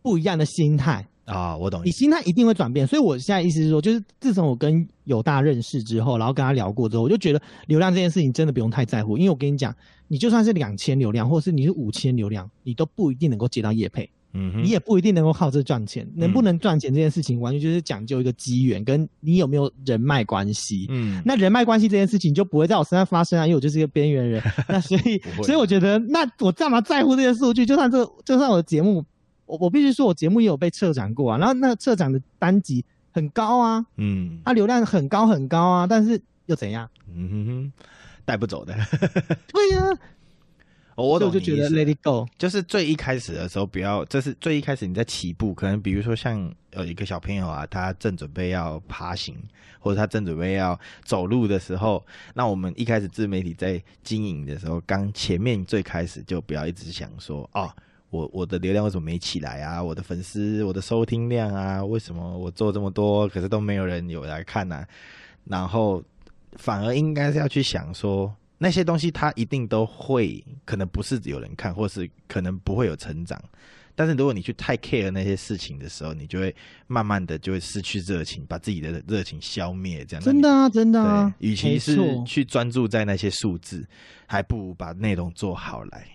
不一樣的心態。啊、哦，我懂你，你心態一定會轉變。所以我現在意思是說，就是自從我跟友大認識之後，然後跟他聊過之後，我就覺得流量這件事情真的不用太在乎。因為我跟你講，你就算是兩千流量，或者是你是五千流量，你都不一定能夠接到業配，嗯哼，你也不一定能夠靠這賺錢。能不能賺錢這件事情，完全就是講究一個機緣，嗯、跟你有沒有人脈關係。嗯，那人脈關係這件事情，就不會在我身上發生啊，因為我就是一個邊緣人。 (laughs) 那所以，會所以我覺得，那我幹嘛在乎這些數據？就算這，就算我的節目。我我必須說，我節目也有被撤展過啊。然後那撤展的單集很高啊，嗯，啊流量很高很高啊。但是又怎樣？嗯哼，哼，帶不走的對、啊。對呀、哦，我我就覺得《Let It Go》就是最一開始的時候，不要，就是最一開始你在起步，可能比如說像有一個小朋友啊，他正準備要爬行，或者他正準備要走路的時候，那我們一開始自媒體在經營的時候，剛前面最開始就不要一直想說啊。哦我我的流量為什麼沒起來啊？我的粉絲，我的收聽量啊，為什麼我做這麼多，可是都沒有人有來看呢、啊？然後反而應該是要去想說，那些東西它一定都會，可能不是有人看，或是可能不會有成長。但是如果你去太 care 那些事情的時候，你就會慢慢的就會失去熱情，把自己的熱情消滅。這樣真的啊，真的啊。與其是去專注在那些數字，沒錯。還不如把內容做好來。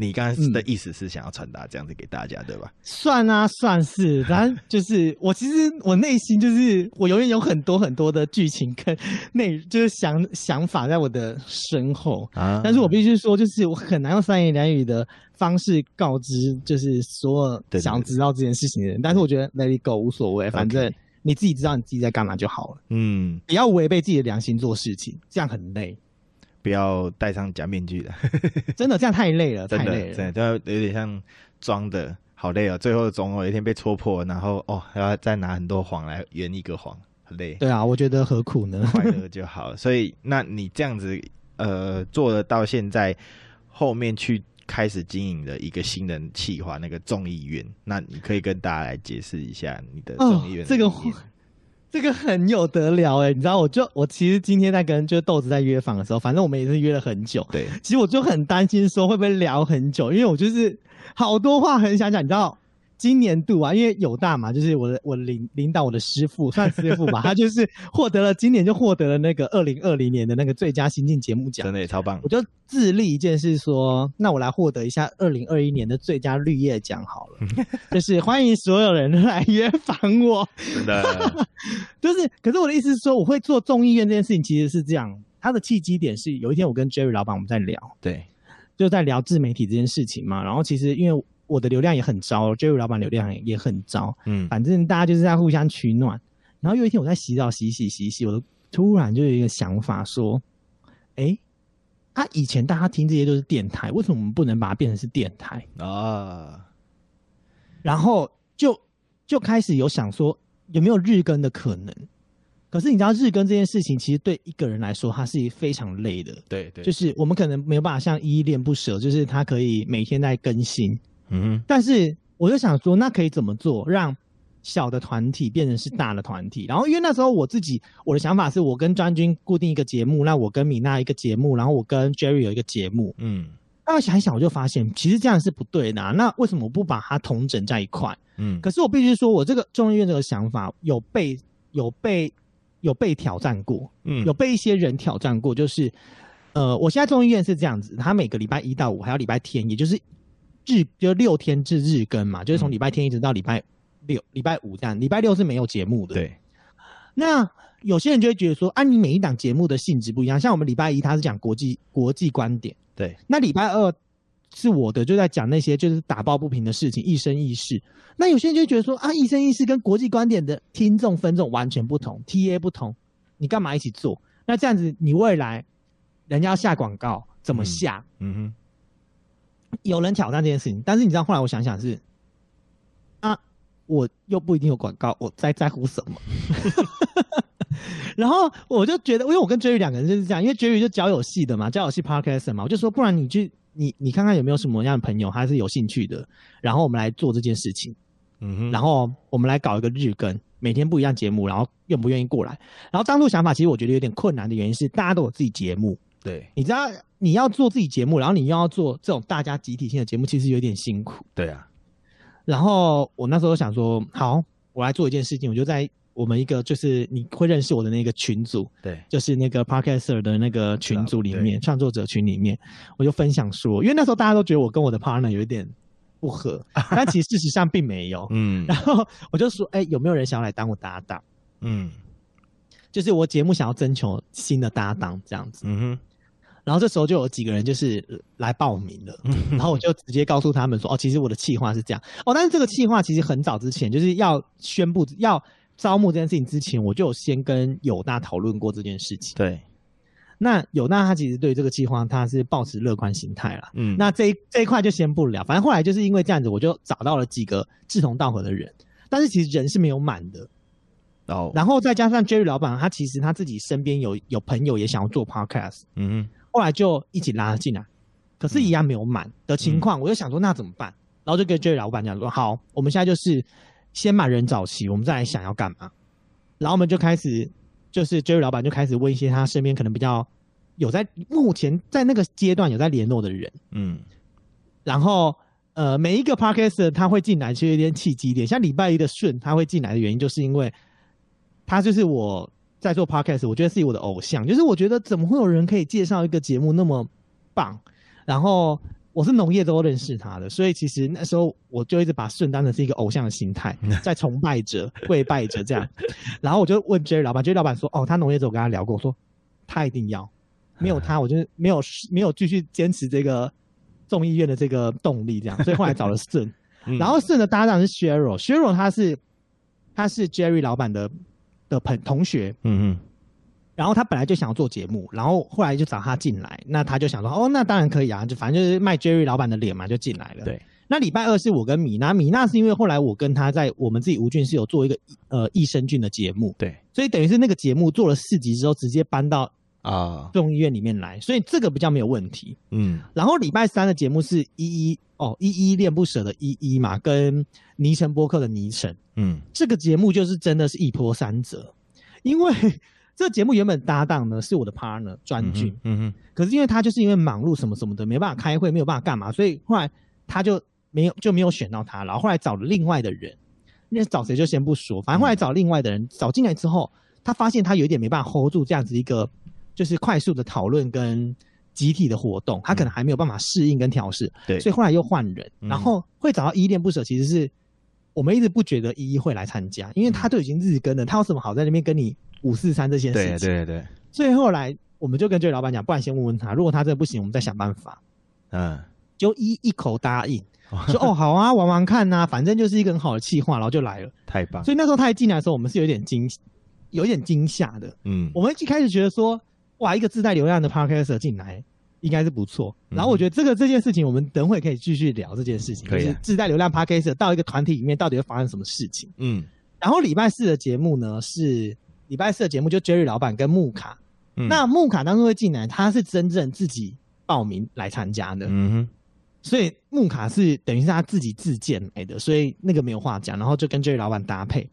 你剛才的意思是想要傳達這樣子給大家，嗯、對吧？算啊，算是，反正就是我其實我內心就是我永遠有很多很多的劇情跟內，就是想想法在我的身後啊。但是我必須說，就是我很難用三言兩語的方式告知，就是所有想知道這件事情的人。對對對但是我覺得 l t it Go 無所謂，反正你自己知道你自己在幹嘛就好了。嗯，不要違背自己的良心做事情，這樣很累。不要戴上假面具了，真的這樣太累了，太累了，真的，真的，就有點像裝的，好累哦。最後總有一天被戳破，然後哦，還要再拿很多謊來圓一個謊，很累。對啊，我覺得何苦呢？快樂就好。所以，那你這樣子，呃，做了到現在，後面去開始經營的一個新人企劃，那個眾議院，那你可以跟大家來解釋一下你的眾議院，哦。這個。這個很有得聊誒、欸，你知道，我就我其實今天在跟就是豆子在約訪的時候，反正我們也是約了很久。對，其實我就很擔心說會不會聊很久，因為我就是好多話很想講，你知道。今年度啊，因為有大嘛，就是我的我領領導我的師傅算師傅吧， (laughs) 他就是獲得了今年就獲得了那個二零二零年的那個最佳新進節目獎，真的也超棒。我就自立一件事說，那我來獲得一下二零二一年的最佳綠葉獎好了， (laughs) 就是歡迎所有人來約訪我。真的， (laughs) 就是可是我的意思是說，我會做眾議院這件事情其實是這樣，它的契機點是有一天我跟 Jerry 老板我們在聊，對，就在聊自媒體這件事情嘛，然後其實因為，我的流量也很糟，Jerry 老闆流量也很糟，嗯，反正大家就是在互相取暖。然後有一天我在洗澡，洗洗洗洗，我突然就有一個想法，說，哎、欸，啊，以前大家聽這些都是電台，為什麼我們不能把它變成是電台啊？然後就就開始有想說，有沒有日更的可能？可是你知道日更這件事情，其實對一個人來說，它是一個非常累的。對，對對，就是我們可能沒有辦法像依戀不捨，就是它可以每天在更新。嗯，但是我就想說，那可以怎麼做，讓小的團體變成是大的團體？然後因為那時候我自己我的想法是，我跟專軍固定一個節目，那我跟米娜一個節目，然後我跟 Jerry 有一個節目。嗯，那我想一想，我就發現其實這樣是不對的啊。那為什麼我不把它統整在一塊？嗯，可是我必須說我這個眾議院這個想法有被有被有被，有被挑戰過，嗯，有被一些人挑戰過，就是呃，我現在眾議院是這樣子，他每個禮拜一到五還有禮拜天，也就是。日就六天至日更嘛，就是從禮拜天一直到禮拜六、禮、嗯、拜五這樣，禮拜六是沒有節目的。對，那有些人就會覺得說，啊，你每一檔節目的性質不一樣，像我們禮拜一他是講國際國際觀點，對，那禮拜二是我的就在講那些就是打抱不平的事情，一生一世。那有些人就會覺得說，啊，一生一世跟國際觀點的聽眾分眾完全不同、嗯、，TA 不同，你幹嘛一起做？那這樣子你未來人家要下廣告怎麼下？嗯，嗯哼。有人挑戰這件事情，但是你知道，後來我想想是，啊，我又不一定有廣告，我在在乎什麼？ (laughs) (laughs) 然後我就覺得，因為我跟杰瑜兩個人就是這樣，因為杰瑜就交友系的嘛，交友系 Podcast 嘛，我就說，不然你去，你你看看有沒有什麼樣的朋友，他是有興趣的，然後我們來做這件事情，嗯哼，然後我們來搞一個日更，每天不一樣節目，然後願不願意過來？然後張璐想法其實我覺得有點困難的原因是，大家都有自己節目。對，你知道你要做自己節目，然後你又要做這種大家集體性的節目，其實有點辛苦。對啊。然後我那時候想說，好，我來做一件事情，我就在我們一個就是你會認識我的那個群組，對，就是那個 Podcaster 的那個群組裡面，創作者群裡面，我就分享說，因為那時候大家都覺得我跟我的 partner 有一點不合， (laughs) 但其實事實上並沒有。 (laughs) 嗯。然後我就說，哎、欸，有沒有人想要來當我搭檔？嗯，就是我節目想要徵求新的搭檔，這樣子。嗯哼。然後這時候就有幾個人就是來報名了， (laughs) 然後我就直接告訴他們說：“哦，其實我的計劃是這樣哦，但是這個計劃其實很早之前就是要宣布要招募這件事情之前，我就有先跟友大討論過這件事情。”對。那友大他其實對這個計劃他是抱持樂觀心態啦，嗯。那這一這一塊就先不聊，反正後來就是因為這樣子，我就找到了幾個志同道合的人，但是其實人是沒有滿的。然後、哦，然後再加上 Jerry 老闆，他其實他自己身邊有有朋友也想要做 Podcast，嗯。後來就一起拉進來，可是一樣沒有滿的情況，嗯嗯、我就想說那怎麼辦？然後就跟 Jerry 老板講說：“好，我們現在就是先把人找齊，我們再來想要幹嘛。”然後我們就開始，就是 Jerry 老板就開始問一些他身邊可能比較有在目前在那個階段有在聯絡的人，嗯。然後呃，每一個 Podcaster 他會進來，其實有點契機點，像禮拜一的順他會進來的原因，就是因為他就是我。在做 Podcast，我覺得是我的偶像，就是我覺得怎麼會有人可以介紹一個節目那麼棒？然後我是農業都認識他的，所以其實那時候我就一直把順當成是一個偶像的心態，在崇拜着、跪拜着這樣， (laughs) 然後我就問 Jerry 老板 (laughs) ，Jerry 老板說：“哦，他農業的時候我跟他聊過，我說他一定要，沒有他，我就沒有沒有繼續堅持這個眾議院的這個動力這樣，所以後來找了順， (laughs) 然後順的搭檔是 Sheryl，Sheryl (laughs) 他是他是 Jerry 老板的。”的朋同學，嗯嗯哼，然後他本來就想要做節目，然後後來就找他進來，那他就想說，哦，那當然可以啊，就反正就是賣 Jerry 老板的臉嘛，就進來了。對，那禮拜二是我跟米娜，米娜是因為後來我跟他在我們自己吳俊是有做一個呃益生菌的節目，對，所以等於是那個節目做了四集之後，直接搬到。啊，uh, 眾議院裡面來，所以這個比較沒有問題。嗯，然後禮拜三的節目是依依哦，依依戀不捨的依依嘛，跟尼城播客的尼城。嗯，這個節目就是真的是一波三折，因為這個節目原本的搭檔呢是我的 partner 專俊，嗯，嗯哼，可是因為他就是因為忙碌什麼什麼的，沒辦法開會，沒有辦法幹嘛，所以後來他就沒有就沒有選到他，然後後來找了另外的人，那找誰就先不說，反正後來找另外的人，嗯、找進來之後，他發現他有一點沒辦法 hold 住這樣子一個。就是快速的討論跟集體的活動，他可能還沒有辦法適應跟調試，對，所以後來又換人，然後會找到依戀不捨，其實是我們一直不覺得依依會來參加，因為他都已經日更了，他有什麼好在那邊跟你五四三這些事情？對對對，所以後來我們就跟這位老闆講，不然先問問他，如果他真的不行，我們再想辦法。嗯，就一一口答應，說哦好啊，玩玩看吶，反正就是一個很好的企劃，然後就來了。太棒！所以那時候他一進來的時候，我們是有點驚，有點驚嚇的。嗯，我們一開始覺得說，哇，一個自帶流量的 Podcaster 進來應該是不錯。然後我覺得這個、嗯、哼這件事情，我們等會可以繼續聊這件事情，可、就是自帶流量 Podcaster 到一個團體裡面到底會發生什麼事情。嗯，然後禮拜四的節目呢是禮拜四的節目，就 Jerry 老板跟木卡。嗯、那木卡當中會進來，他是真正自己報名來參加的。嗯哼，所以木卡是等於是他自己自薦來的，所以那個沒有話講，然後就跟 Jerry 老板搭配。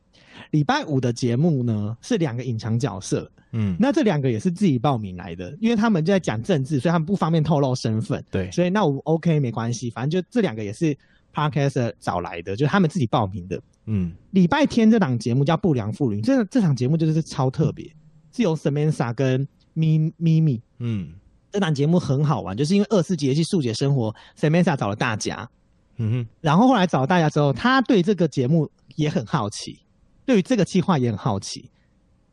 禮拜五的節目呢是兩個隱藏角色，嗯，那這兩個也是自己報名來的，因為他們就在講政治，所以他們不方便透露身份，對，所以那我 OK 沒關係，反正就這兩個也是 Podcast 找來的，就是他們自己報名的，嗯。禮拜天這檔節目叫《不良婦女》，這這場節目就是超特別，是由 Semensa 跟 mimimi，嗯，這檔節目很好玩，就是因為二十四節氣蔬食生活，Semensa 找了大家，嗯哼，然後後來找了大家之後，他對這個節目也很好奇。對於這個企劃也很好奇，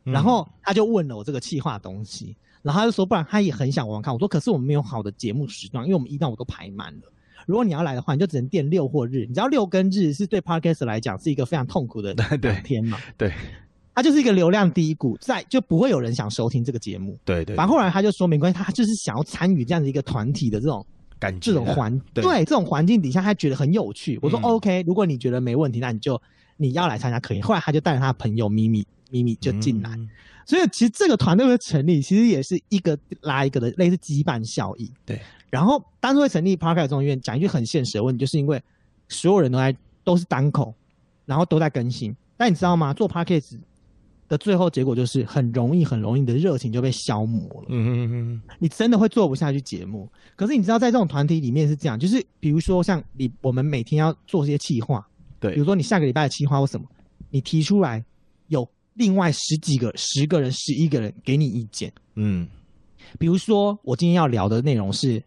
然後他就問了我這個企劃的東西，嗯、然後他就說，不然他也很想玩，玩看。我說，可是我們沒有好的節目時段，因為我們一到五都排滿了。如果你要來的話，你就只能墊六或日。你知道六跟日是對 Podcast 來講是一個非常痛苦的兩天嘛？對，對它就是一個流量低谷，在就不會有人想收聽這個節目。對對。反正後，後來他就說，沒關係，他就是想要參與這樣子一個團體的這種感覺這種環對，對這種環境底下，他覺得很有趣。我說 OK，、嗯、如果你覺得沒問題，那你就。你要來參加可以，後來他就帶着他的朋友咪咪咪咪就進來，嗯、所以其實這個團隊的成立其實也是一個拉一個的類似羈絆效益。對。然後當初會成立 Podcast 眾議院，講一句很現實的問題，就是因為所有人都在都是單口，然後都在更新。但你知道嗎？做 Podcast 的最後結果就是很容易很容易你的熱情就被消磨了。嗯嗯嗯。你真的會做不下去節目。可是你知道在這種團體裡面是這樣，就是比如說像你我們每天要做些企劃。對，比如說你下個禮拜的企劃或什麼，你提出來，有另外十幾個、十個人、十一個人給你意見。嗯，比如說我今天要聊的內容是，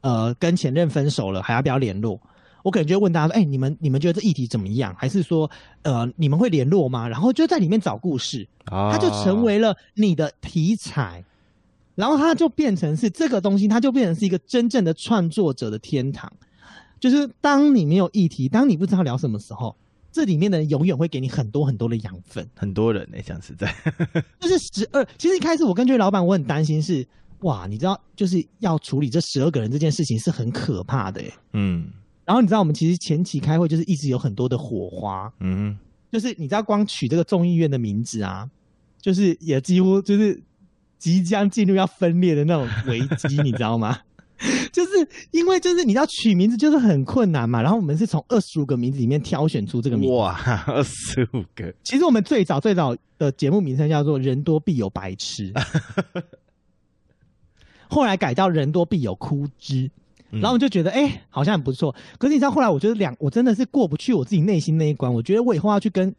呃，跟前任分手了還要不要聯絡？我可能就會問大家說，哎、欸，你們你們覺得這議題怎麼樣？還是說，呃，你們會聯絡嗎？然後就在裡面找故事，它就成為了你的題材，啊、然後它就變成是這個東西，它就變成是一個真正的創作者的天堂。就是當你沒有議題，當你不知道聊什麼時候，這裡面的人永遠會給你很多很多的養分。很多人呢、欸，像實在， (laughs) 就是十二。其實一開始我跟這個老板，我很擔心是哇，你知道，就是要處理這十二個人這件事情是很可怕的、欸、嗯。然後你知道，我們其實前期開會就是一直有很多的火花。嗯。就是你知道，光取這個眾議院的名字啊，就是也幾乎就是即將進入要分裂的那種危機， (laughs) 你知道嗎？就是因為就是你知道取名字就是很困難嘛，然後我們是從二十五個名字裡面挑選出這個名字。哇，二十五個！其實我們最早最早的節目名稱叫做“人多必有白痴”， (laughs) 後來改到“人多必有枯枝”，然後我就覺得哎、嗯欸，好像很不錯。可是你知道後來我，我覺得兩我真的是過不去我自己內心那一關，我覺得我以後要去跟。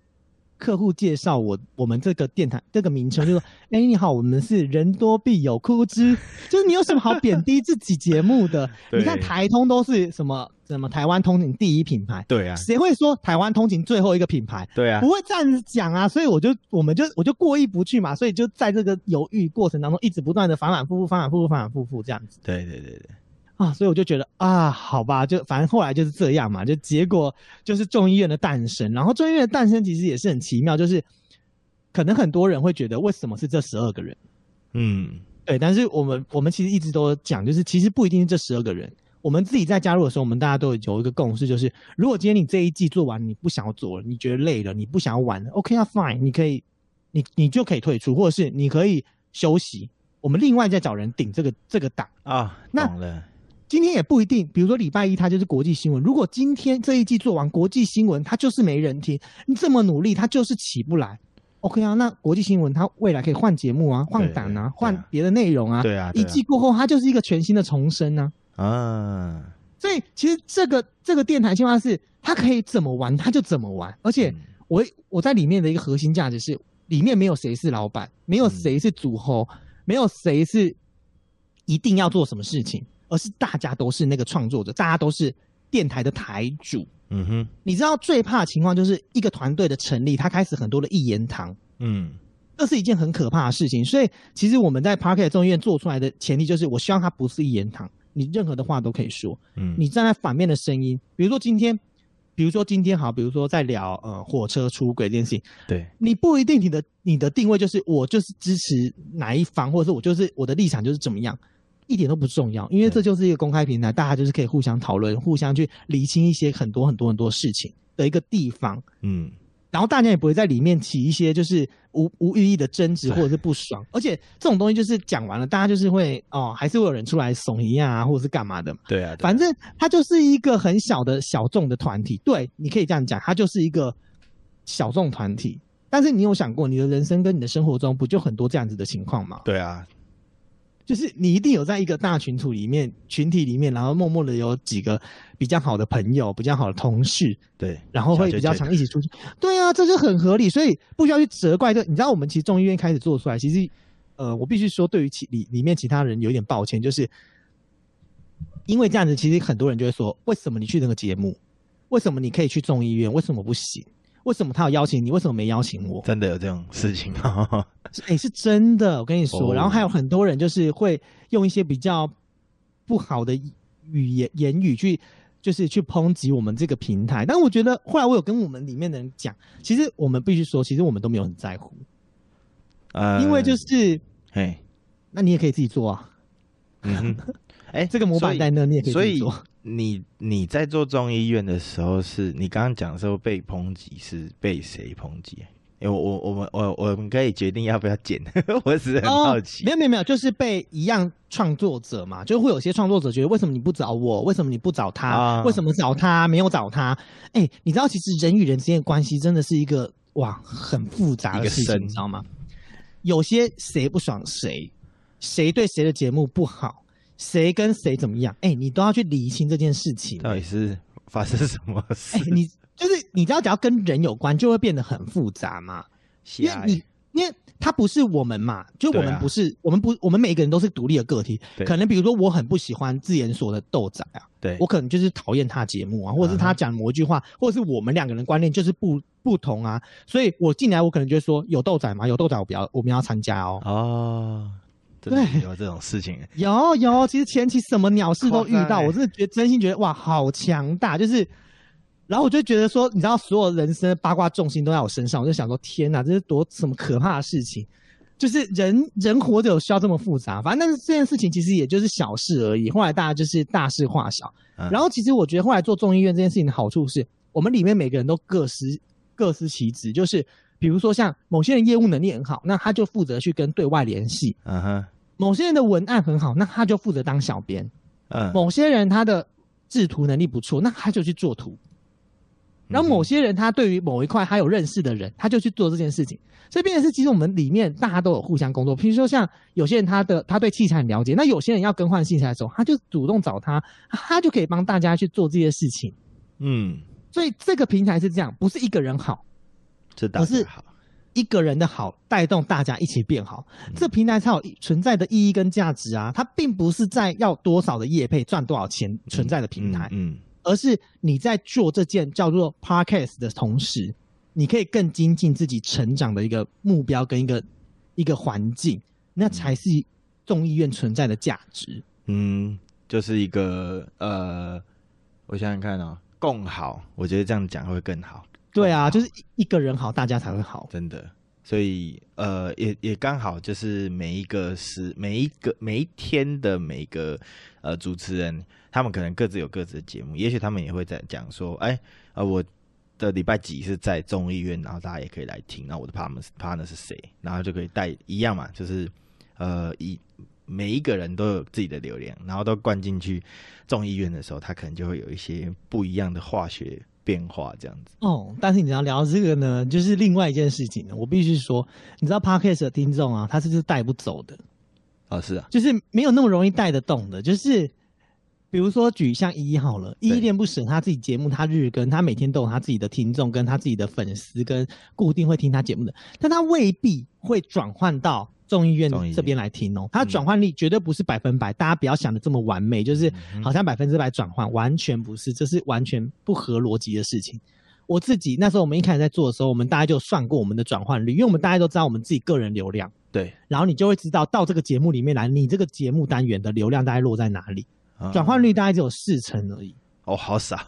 客戶介紹我，我們這個電台這個名稱就是說，哎、 (laughs) 欸，你好，我們是人多必有枯枝， (laughs) 就是你有什麼好貶低自己節目的？ (laughs) 對對對，你看台通都是什麼什麼台灣通勤第一品牌，對啊，誰會說台灣通勤最後一個品牌？對啊，不會這樣子講啊，所以我就我們就我就過意不去嘛，所以就在這個猶豫過程當中，一直不斷的反反复复，反反复复，反反复覆這樣子。對對對對。啊，所以我就覺得啊，好吧，就反正後來就是這樣嘛，就結果就是眾議院的誕生。然後眾議院的誕生其實也是很奇妙，就是可能很多人會覺得為什麼是這十二個人？嗯，對。但是我們我們其實一直都講，就是其實不一定是這十二個人。我們自己在加入的時候，我們大家都有一個共識，就是如果今天你這一季做完，你不想要做了，你覺得累了，你不想要玩了，OK，啊 fine，你可以，你你就可以退出，或者是你可以休息。我們另外再找人頂這個這個檔啊。那。懂了。今天也不一定，比如說禮拜一它就是國際新聞。如果今天這一季做完國際新聞，它就是沒人聽。你這麼努力，它就是起不來。OK 啊，那國際新聞它未來可以換節目啊，換檔啊，對對啊，換別的內容啊。對啊，對啊，對啊，一季過後，它就是一個全新的重生啊。啊，所以其實這個這個電台計劃是它可以怎麼玩，它就怎麼玩。而且我我在裡面的一個核心價值是，裡面沒有誰是老板，沒有誰是主合、嗯、沒有誰是一定要做什麼事情。而是大家都是那個創作者，大家都是電台的台主。嗯哼，你知道最怕的情況就是一個團隊的成立，他開始很多的一言堂。嗯，這是一件很可怕的事情。所以其實我們在 Podcast 眾議院做出來的前提就是，我希望他不是一言堂，你任何的話都可以說。嗯，你站在反面的聲音，比如說今天，比如說今天好，比如說在聊呃火車出軌這件事情，對你不一定你的你的定位就是我就是支持哪一方，或者是我就是我的立場就是怎麼樣。一點都不重要，因為這就是一個公開平台，對大家就是可以互相討論、互相去理清一些很多很多很多事情的一個地方。嗯，然後大家也不會在裡面起一些就是無無意義的爭執，或者是不爽，對而且這種東西就是講完了，大家就是會哦、呃，還是會有人出來慫一樣啊，或者是幹嘛的嘛對啊對，反正它就是一個很小的小眾的團體，對，你可以這樣講，它就是一個小眾團體。但是你有想過，你的人生跟你的生活中不就很多這樣子的情況嗎？對啊。就是你一定有在一個大群組裡面、群體裡面，然後默默的有幾個比較好的朋友、比較好的同事，對，然後會比較常一起出去。嗯、對啊，這就很合理，所以不需要去責怪。這你知道，我們其實眾議院開始做出來，其實，呃，我必須說，對於其裡裡面其他人有一點抱歉，就是因為這樣子，其實很多人就會說，為什麼你去那個節目，為什麼你可以去眾議院，為什麼不行？為什麼他有邀請你？為什麼沒邀請我？真的有這種事情？ (laughs) 是哎、欸，是真的。我跟你說，哦、然後還有很多人就是會用一些比較不好的語言言語去，就是去抨擊我們這個平台。但我覺得後來我有跟我們裡面的人講，其實我們必須說，其實我們都沒有很在乎。呃、因為就是，哎嘿，那你也可以自己做啊。嗯 (laughs) 哎，這個模板在那，你也可以做。所以，所以你你在做眾議院的時候是，是你剛剛講的時候被抨擊是被誰抨擊？因、欸、為我我我們我我們可以決定要不要剪， (laughs) 我只是很好奇、哦。沒有沒有沒有，就是被一樣創作者嘛，就是、會有些創作者覺得為什麼你不找我？為什麼你不找他？啊、為什麼找他沒有找他？哎、欸，你知道其實人與人之間的關係真的是一個哇很複雜的事情，你知道嗎？有些誰不爽誰，誰對誰的節目不好。誰跟誰怎麼樣？哎、欸，你都要去理清這件事情、欸，到底是發生什麼事？哎、欸，你就是你知道，只要跟人有關，就會變得很複雜嘛。 (laughs) 因為你，因為他不是我們嘛，就我們不是，啊、我們不，我們每個人都是獨立的個體。對可能比如說，我很不喜歡自研所的豆仔啊，對我可能就是討厭他節目啊，或者是他講某一句話，嗯、或者是我們兩個人的觀念就是不不同啊。所以我進來，我可能就說有豆仔嗎？有豆仔我不，我不要我們要參加、喔、哦。哦。對，有這種事情， (laughs) 有有。其實前期什麼鳥事都遇到，欸、我真的覺得真心覺得哇，好強大。就是，然後我就覺得說，你知道，所有人生的八卦重心都在我身上，我就想說，天哪，這是多什麼可怕的事情？就是人，人活着有需要這麼複雜？反正這件事情其實也就是小事而已。後來大家就是大事化小。然後其實我覺得後來做眾議院這件事情的好處是，嗯、我們裡面每個人都各司各司其職。就是比如說像某些人業務能力很好，那他就負責去跟對外聯繫。嗯哼。某些人的文案很好，那他就負責當小編。嗯，某些人他的製圖能力不錯，那他就去做圖。然後某些人他對於某一塊他有認識的人，他就去做這件事情。所以，變成是其實我們裡面大家都有互相工作。比如說，像有些人他的他對器材很了解，那有些人要更換器材的時候，他就主動找他，他就可以幫大家去做這些事情。嗯，所以這個平台是這樣，不是一個人好，是大家好。一個人的好帶動大家一起變好，嗯、這平台才有存在的意義跟價值啊！它並不是在要多少的業配賺多少錢存在的平台，嗯，嗯嗯，而是你在做這件叫做 Podcast 的同時，你可以更精進自己成長的一個目標跟一個一個環境，那才是眾議院存在的價值。嗯，就是一個呃，我想想看哦，共好，我覺得這樣講會更好。對啊，好就是一個人好，大家才會好，真的。所以，呃，也也剛好就是每一個時，每一個每一天的每一個呃主持人，他們可能各自有各自的節目，也許他們也會在講說，哎、欸，呃，我的禮拜幾是在眾議院，然後大家也可以來聽，然後我的 partner partner 是誰，然後就可以帶一樣嘛，就是呃，一每一個人都有自己的流量，然後都灌進去眾議院的時候，他可能就會有一些不一樣的化學。變化這樣子哦，但是你要聊這個呢，就是另外一件事情呢。我必須說，你知道，Podcast 的聽眾啊，他是是帶不走的，啊、哦，是啊，就是沒有那麼容易帶得動的。就是比如說舉像一好了，一戀對不捨，他自己節目，他日更，他每天都有他自己的聽眾，跟他自己的粉絲，跟固定會聽他節目的，但他未必會轉換到。眾議院這邊來聽哦、喔，藝它轉換率絕對不是百分百，嗯、大家不要想的這麼完美，就是好像百分之百轉換，嗯、完全不是，這是完全不合邏輯的事情。我自己那時候我們一開始在做的時候，我們大概就算過我們的轉換率，因為我們大家都知道我們自己個人流量，對，然後你就會知道到這個節目裡面來，你這個節目單元的流量大概落在哪裡，轉換率大概只有四成而已、嗯。哦，好傻。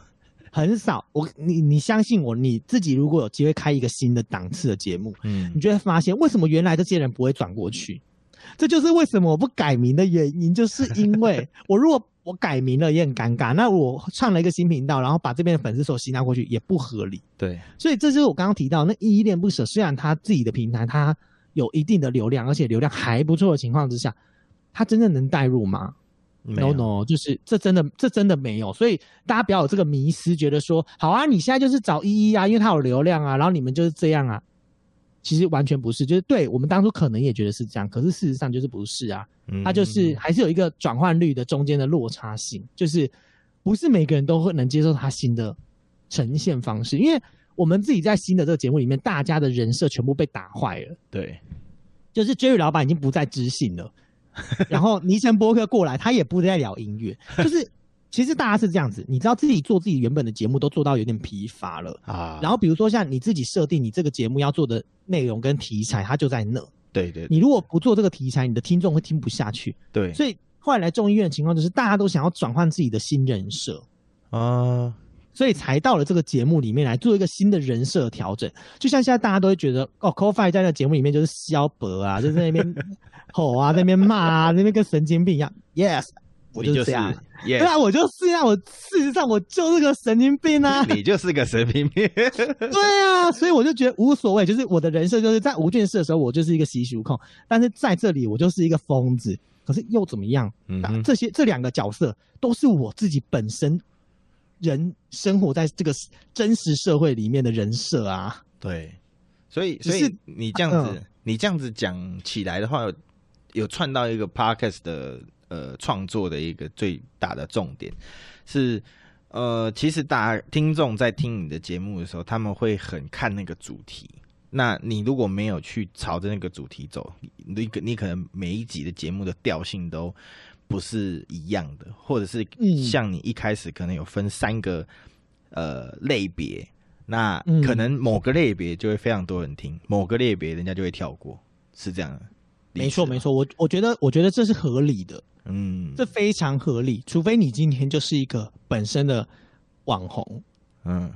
很少，我，你你相信我，你自己如果有機會開一個新的檔次的節目，嗯，你就會發現為什麼原來這些人不會轉過去，這就是為什麼我不改名的原因，就是因為我如果我改名了也很尷尬， (laughs) 那我創了一個新頻道，然後把這邊的粉絲都吸納過去也不合理。對，所以這就是我剛剛提到那依戀不捨，雖然他自己的平台他有一定的流量，而且流量還不錯的情況之下，他真正能帶入嗎？沒 no no，就是這真的這真的沒有，所以大家不要有這個迷思，覺得說好啊，你現在就是找依依啊，因為他有流量啊，然後你們就是這樣啊，其實完全不是，就是對我們當初可能也覺得是這樣，可是事實上就是不是啊，他就是還是有一個轉換率的中間的落差性，就是不是每個人都會能接受他新的呈現方式，因為我們自己在新的這個節目裡面，大家的人設全部被打壞了，對，就是 Jerry 老板已經不再知性了。 (laughs) 然後尼森播客過來，他也不再聊音樂，就是其實大家是這樣子，你知道自己做自己原本的節目都做到有點疲乏了啊。然後比如說像你自己設定你這個節目要做的內容跟題材，它就在那。對，對對。你如果不做這個題材，你的聽眾會聽不下去。對。所以後來，來眾議院的情況就是，大家都想要轉換自己的新人設啊。所以才到了這個節目裡面來做一個新的人設調整，就像現在大家都會覺得哦，Cot5 在這個節目裡面就是肖博啊，在、就是、那邊 (laughs) 吼啊，在那邊罵啊，在那邊跟神經病一樣。Yes，我就是這樣。就是、Yes. 對啊，我就是啊，我事實上我就是個神經病啊。你就是個神經病,病。 (laughs) 對啊，所以我就覺得無所謂，就是我的人設就是在吳俊飾的時候我就是一個習俗控，但是在這裡我就是一個瘋子。可是又怎麼樣？嗯哼、啊，這些這兩個角色都是我自己本身。人生活在這個真實社會裡面的人設啊，對，只是 所以所以你這樣子，嗯、你這樣子講起來的話，有，有串到一個 podcast 的呃創作的一個最大的重點是，呃，其實大家聽眾在聽你的節目的時候，他們會很看那個主題。那你如果沒有去朝着那個主題走，你你可能每一集的節目的調性都不是一樣的，或者是像你一開始可能有分三個、嗯、呃類別，那可能某個類別就會非常多人聽，某個類別人家就會跳過，是這樣的。沒錯，沒錯，我我覺得我覺得這是合理的，嗯，這非常合理，除非你今天就是一個本身的網紅，嗯。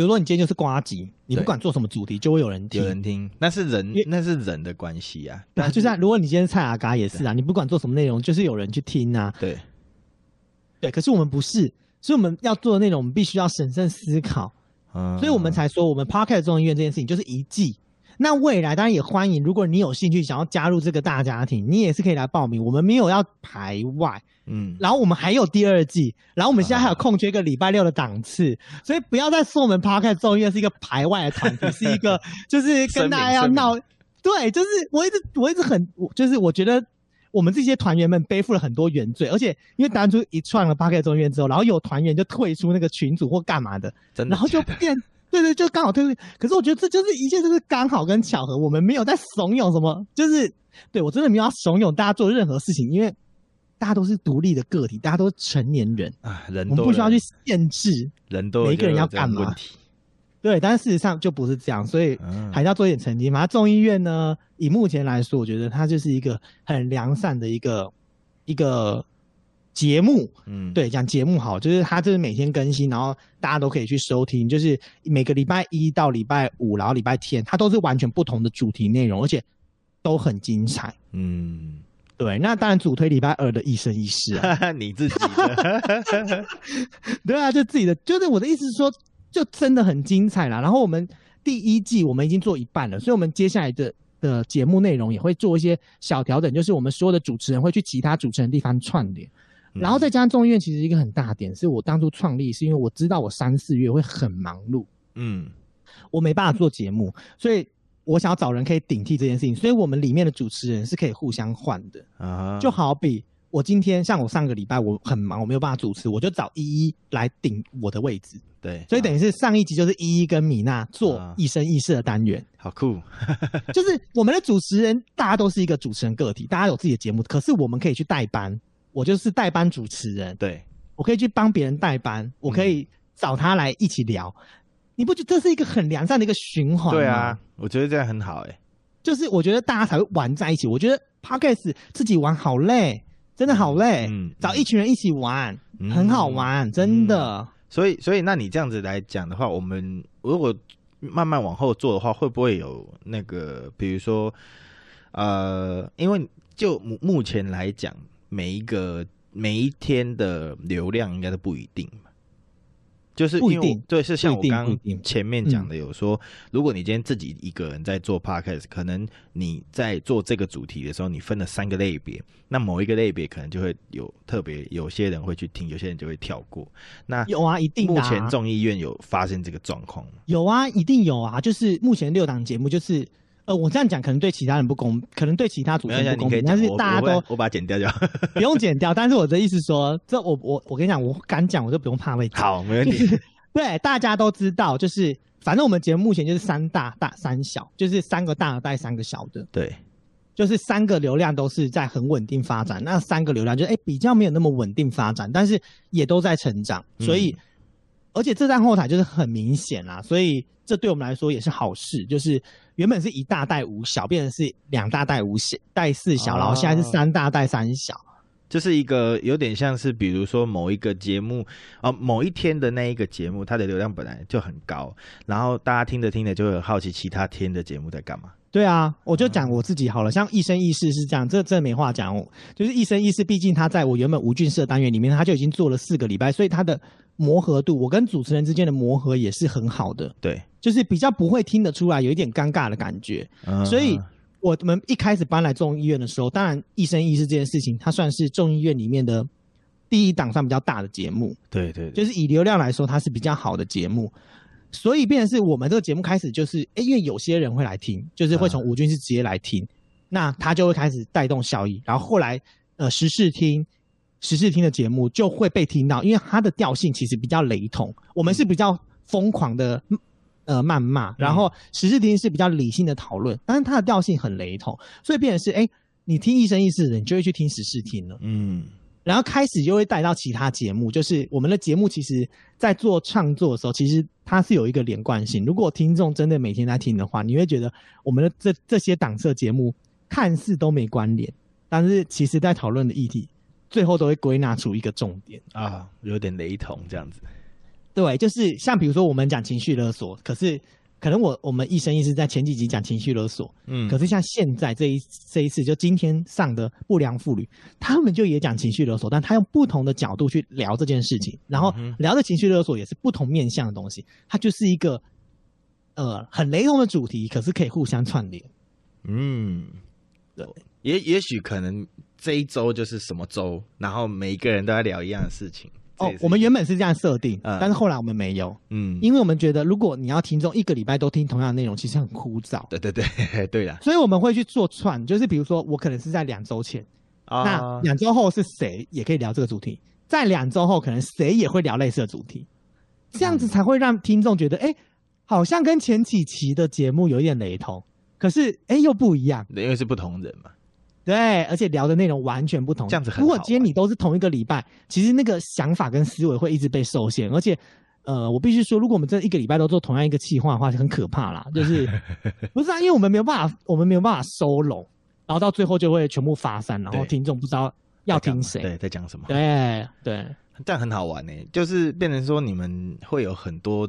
比如說你今天就是呱吉，你不管做什麼主題，就會有人聽。有人聽，那是人，為那是人的關係啊。那對是就是如果你今天蔡阿嘎也是啊，對你不管做什麼內容，就是有人去聽啊。對，對。可是我們不是，所以我們要做的內容，我們必須要審慎思考。嗯、所以，我們才說我們 Podcast 眾議院這件事情就是一季。那未來當然也歡迎。如果你有興趣想要加入這個大家庭，你也是可以來報名，我們沒有要排外，嗯，然後我們還有第二季，然後我們現在還有空缺一個禮拜六的檔次，啊、所以不要再說我們 Podcast 眾議院是一個排外的團體， (laughs) 是一個就是跟大家要鬧，對，就是我一直我一直很，就是我覺得我們這些團員們背負了很多原罪，而且因為當初一創了 Podcast 眾議院之後，然後有團員就退出那個群組或幹嘛的，真的假的，然後就變。對對，就剛好對對，可是我覺得這就是一切，就是剛好跟巧合。我們沒有在慫恿什麼，就是對我真的沒有要慫恿大家做任何事情，因為大家都是獨立的個體，大家都是成年人啊，人，人我們不需要去限制，人都每一個人要幹嘛？對，但事實上就不是這樣，所以還是要做一點成績嘛。嗯，眾議院呢，以目前來說，我覺得它就是一個很良善的一個一個。節目，嗯，對，講節目好，就是它就是每天更新，然後大家都可以去收聽，就是每個禮拜一到禮拜五，然後禮拜天，它都是完全不同的主題內容，而且都很精彩，嗯，對。那當然主推禮拜二的一生一世啊， (laughs) 你自己的 (laughs) (laughs) 對啊，就自己的，就是我的意思是說，就真的很精彩啦。然後我們第一季我們已經做一半了，所以我們接下來的的節目內容也會做一些小調整，就是我們所有的主持人會去其他主持人的地方串聯。然後再加上眾議院，其實一個很大點，是我當初創立是因為我知道我三四月會很忙碌，嗯，我沒辦法做節目，所以我想要找人可以頂替這件事情，所以我們裡面的主持人是可以互相換的啊，uh huh. 就好比我今天像我上個禮拜我很忙，我沒有辦法主持，我就找依依來頂我的位置，對，所以等於是上一集就是依依跟米娜做一生一世的單元，好酷、uh，huh. cool. (laughs) 就是我們的主持人，大家都是一個主持人個體，大家有自己的節目，可是我們可以去代班。我就是代班主持人，對，我可以去幫別人代班，我可以找他來一起聊，嗯、你不覺得這是一個很良善的一個循環嗎？對啊，我覺得這樣很好哎，欸，就是我覺得大家才會玩在一起。我覺得 Podcast 自己玩好累，真的好累，嗯，找一群人一起玩，嗯，很好玩，真的。所以，所以那你這樣子來講的話，我們如果慢慢往後做的話，會不會有那個，比如說，呃，因為就目目前來講。每一個每一天的流量應該都不一定嘛，就是因為不一定對，是像我剛剛前面講的，有說如果你今天自己一個人在做 Podcast，、嗯、可能你在做這個主題的時候，你分了三個類別，那某一個類別可能就會有特別有些人會去聽，有些人就會跳過。那有啊，一定。目前眾議院有發生這個狀況嗎？有啊，一定有啊，就是目前六檔節目就是。我這樣講可能對其他人不公，可能對其他主持人不公平，但是大家都我，我，我把它剪掉就好。 (laughs) 不用剪掉。但是我的意思說，這我我我跟你講，我敢講，我就不用怕被剪。好，沒問題，就是。對，大家都知道，就是反正我們節目目前就是三大大三小，就是三個大帶三個小的。對，就是三個流量都是在很穩定發展，嗯、那三個流量就是哎比較沒有那麼穩定發展，但是也都在成長。所以，嗯、而且這在後台就是很明顯啦，所以。這對我們來說也是好事，就是原本是一大袋五小，變成是兩大袋五小帶四小，啊、然後現在是三大袋三小，就是一個有點像是比如說某一個節目啊、呃，某一天的那一個節目，它的流量本來就很高，然後大家聽着聽着就會好奇其他天的節目在幹嘛。對啊，我就講我自己好了，嗯、像《一生一世》是這樣，這這沒話講我，就是《一生一世》畢竟他在我原本吳俊社單元裡面，他就已經做了四個禮拜，所以他的。磨合度，我跟主持人之間的磨合也是很好的，對，就是比較不會聽得出來有一點尷尬的感覺。嗯、哼所以我們一開始搬來眾議院的時候，當然《一生一世》這件事情，它算是眾議院裡面的第一檔，算比較大的節目，對，對對，就是以流量來說，它是比較好的節目。所以變成是我們這個節目開始，就是、欸、因為有些人會來聽，就是會從吳軍師直接來聽，嗯、那他就會開始帶動效益，然後後來呃，時事聽。時事聽的節目就會被聽到，因為它的調性其實比較雷同。我們是比較瘋狂的，嗯、呃，謾罵，然後時事聽是比較理性的討論，但是它的調性很雷同，所以變成是，哎、欸，你聽一生一世的，你就會去聽時事聽了。嗯，然後開始就會帶到其他節目，就是我們的節目其實，在做創作的時候，其實它是有一個連貫性。如果聽眾真的每天在聽的話，你會覺得我們的這這些檔色節目看似都沒關聯，但是其實在討論的議題。最後都會歸納出一個重點啊，對有點雷同這樣子。對，就是像比如說我們講情緒勒索，可是可能我我們一生一世在前幾集講情緒勒索，嗯，可是像現在這一這一次就今天上的不良婦女，他們就也講情緒勒索，但他用不同的角度去聊這件事情，然後聊的情緒勒索也是不同面向的東西，它就是一個呃很雷同的主題，可是可以互相串聯。嗯，對。也也許可能這一周就是什麼周，然後每一個人都在聊一樣的事情。哦、oh，我們原本是這樣設定，呃、但是後來我們沒有，嗯，因為我們覺得如果你要聽眾一個禮拜都聽同樣的內容，其實很枯燥。對對對對的。所以我們會去做串，就是比如說我可能是在兩周前，oh, 那兩周後是誰也可以聊這個主題，在兩周後可能誰也會聊類似的主題，這樣子才會讓聽眾覺得，哎、嗯欸，好像跟前幾期的節目有一點雷同，可是哎、欸、又不一樣，因為是不同人嘛。對，而且聊的內容完全不同，這樣子很好玩。如果今天你都是同一個禮拜，其實那個想法跟思維會一直被受限。而且，呃，我必須說，如果我們這一個禮拜都做同樣一個企劃的話，就很可怕啦。就是， (laughs) 不是啊，因為我們沒有辦法，我們沒有辦法收攏，然後到最後就會全部發散，然後聽眾不知道要聽誰。對，在講什麼？對對。對，但很好玩呢，欸，就是變成說你們會有很多，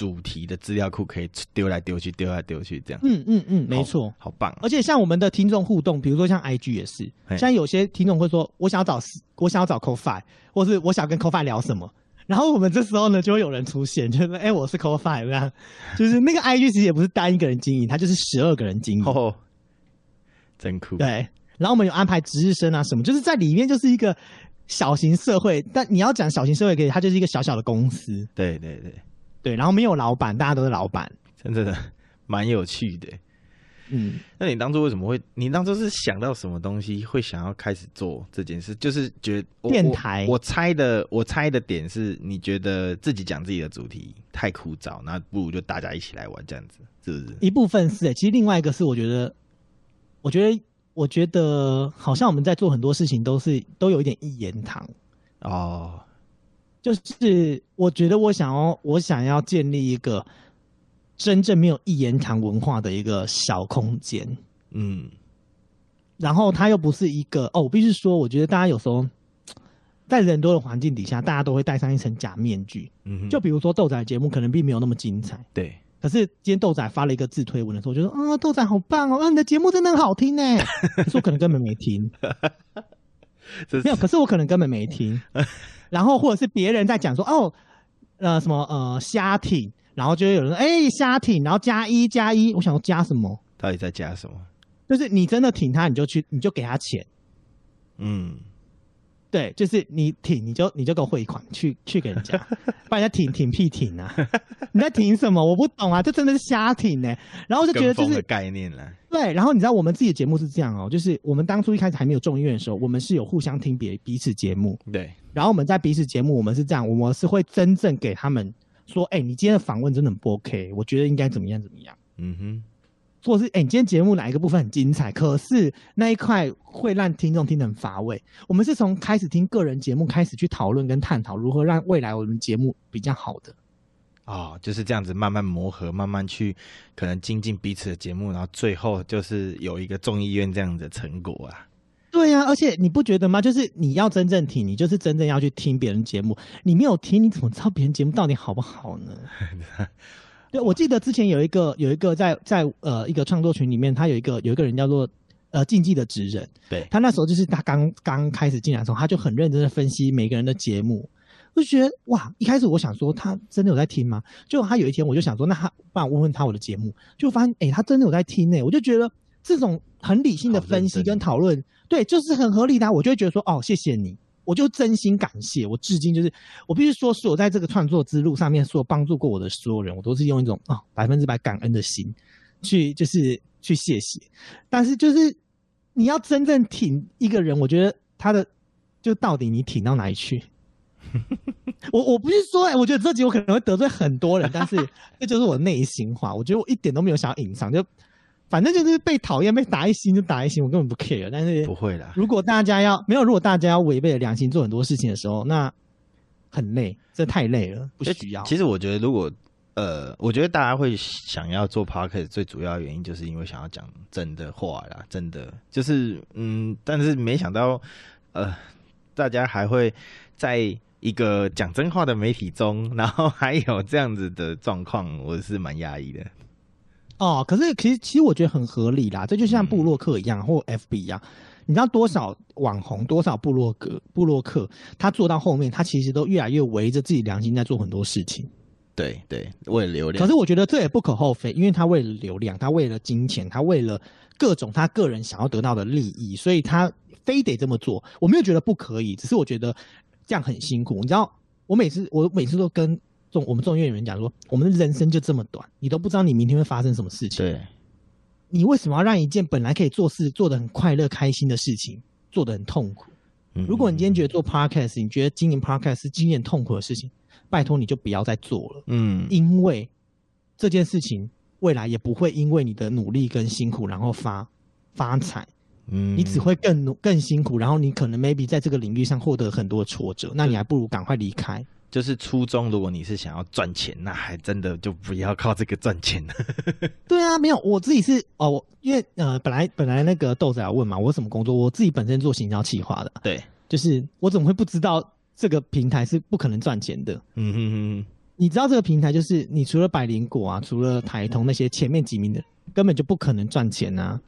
主題的資料庫可以丟來丟去，丟來丟去這樣嗯。嗯嗯嗯，沒錯，好棒，啊。而且像我們的聽眾互動，比如說像 IG 也是，嘿像有些聽眾會說，我想要找我想要找 Cot5 或是我想要跟 Cot5 聊什麼。然後我們這時候呢，就會有人出現，就是哎，欸，我是 Cot5 這樣。就是那個 IG 其實也不是單一個人經營，它就是十二個人經營。哦，真酷。對，然後我們有安排值日生啊什麼，就是在裡面就是一個小型社會。但你要講小型社會，可以，它就是一個小小的公司。對對對。對，然後沒有老闆，大家都是老闆，真的蠻有趣的。嗯，那你當初為什麼會？你當初是想到什麼東西會想要開始做這件事？就是覺得電台我？我猜的，我猜的點是你覺得自己講自己的主題太枯燥，那不如就大家一起來玩這樣子，是不是？一部分是、欸，哎，其實另外一個是，我覺得，我覺得，我覺得好像我們在做很多事情都是都有一點一言堂哦。就是我覺得我想要我想要建立一個真正沒有一言堂文化的一個小空間，嗯，然後他又不是一個哦，我必須說，我覺得大家有時候在人多的環境底下，大家都會戴上一層假面具，嗯哼，就比如說豆仔節目可能並沒有那麼精彩，對，可是今天豆仔發了一個自推文的時候，我覺得啊豆仔好棒哦，啊、哦、你的節目真的很好聽呢， (laughs) 說可能根本沒聽， (laughs) 是沒有，可是我可能根本沒聽。 (laughs) 然後或者是別人在講說，哦，呃什麼呃瞎挺，然後就會有人說哎瞎挺，然後加一加一，我想要加什麼？到底在加什麼？就是你真的挺他，你就去，你就給他錢。嗯。對，就是你挺，你就你就給我匯款去去給人家，把人家挺 (laughs) 挺屁挺啊！你在挺什麼？我不懂啊，這真的是瞎挺呢、欸。然後就覺得這、就是的概念了。對，然後你知道我們自己的節目是這樣哦、喔，就是我們當初一開始還沒有眾議院的時候，我們是有互相聽別彼此節目。對，然後我們在彼此節目，我們是這樣，我們是會真正給他們說，哎、欸，你今天的訪問真的很不 OK，我覺得應該怎麼樣怎麼樣。嗯哼。或是哎、欸，你今天節目哪一個部分很精彩？可是那一塊會讓聽眾聽得很乏味。我們是從開始聽個人節目開始去討論跟探討，如何讓未來我們節目比較好的。哦，就是這樣子慢慢磨合，慢慢去可能精進彼此的節目，然後最後就是有一個眾議院這樣的成果啊。對啊。而且你不覺得嗎？就是你要真正聽，你就是真正要去聽別人節目。你沒有聽，你怎麼知道別人節目到底好不好呢？ (laughs) 對，我記得之前有一個有一個在在呃一個創作群裡面，他有一個有一個人叫做呃競技的職人，對，他那時候就是他剛剛開始進來的時候，他就很認真的分析每個人的節目，我就覺得哇，一開始我想說他真的有在聽嗎？就他有一天我就想說，那他幫我問問他我的節目，就發現哎、欸，他真的有在聽哎、欸，我就覺得這種很理性的分析跟討論，討論討論對，對，就是很合理的，我就會覺得說哦，謝謝你。我就真心感謝，我至今就是，我必須說，所有在這個創作之路上面所有幫助過我的所有人，我都是用一種啊百分之百感恩的心，去就是去謝謝。但是就是你要真正挺一個人，我覺得他的就到底你挺到哪裡去？ (laughs) 我我不是說哎、欸，我覺得這集我可能會得罪很多人，但是這就是我內心話，我覺得我一點都沒有想要隱藏，就。反正就是被討厭被打一星就打一星，我根本不 care。但是不會啦，如果大家要會沒有，如果大家要違背的良心做很多事情的時候，那很累，這太累了，不需要。其實我覺得，如果呃，我覺得大家會想要做 Podcast 最主要原因就是因為想要講真的話啦，真的就是嗯，但是沒想到呃，大家還會在一個講真話的媒體中，然後還有這樣子的狀況，我是蠻壓抑的。哦，可是其實其實我覺得很合理啦，這就像部落客一樣，嗯、或 FB 一樣，你知道多少網紅，多少部落格部落客，他做到後面，他其實都越來越圍着自己良心在做很多事情。對對，為了流量。可是我覺得這也不可厚非，因為他為了流量，他為了金錢，他為了各種他個人想要得到的利益，所以他非得這麼做。我沒有覺得不可以，只是我覺得這樣很辛苦。你知道，我每次我每次都跟。中，我們眾議院有人講說，我們的人生就這麼短，你都不知道你明天會發生什麼事情。對，你為什麼要讓一件本來可以做事做得很快樂、開心的事情，做的很痛苦？嗯嗯，如果你今天覺得做 podcast，你覺得經營 podcast 是一件痛苦的事情，拜托你就不要再做了。嗯，因為這件事情未來也不會因為你的努力跟辛苦然後發發財。嗯，嗯，你只會更努、更辛苦，然後你可能 maybe 在這個領域上獲得很多挫折，對那你還不如趕快離開。就是初中，如果你是想要賺錢，那還真的就不要靠這個賺錢 (laughs) 對啊，沒有，我自己是哦，我因為呃，本來本來那個豆仔要問嘛，我什麼工作？我自己本身做行銷企劃的。對，就是我怎麼會不知道這個平台是不可能賺錢的？嗯哼哼你知道這個平台就是，你除了百靈果啊，除了台通那些前面幾名的，根本就不可能賺錢啊。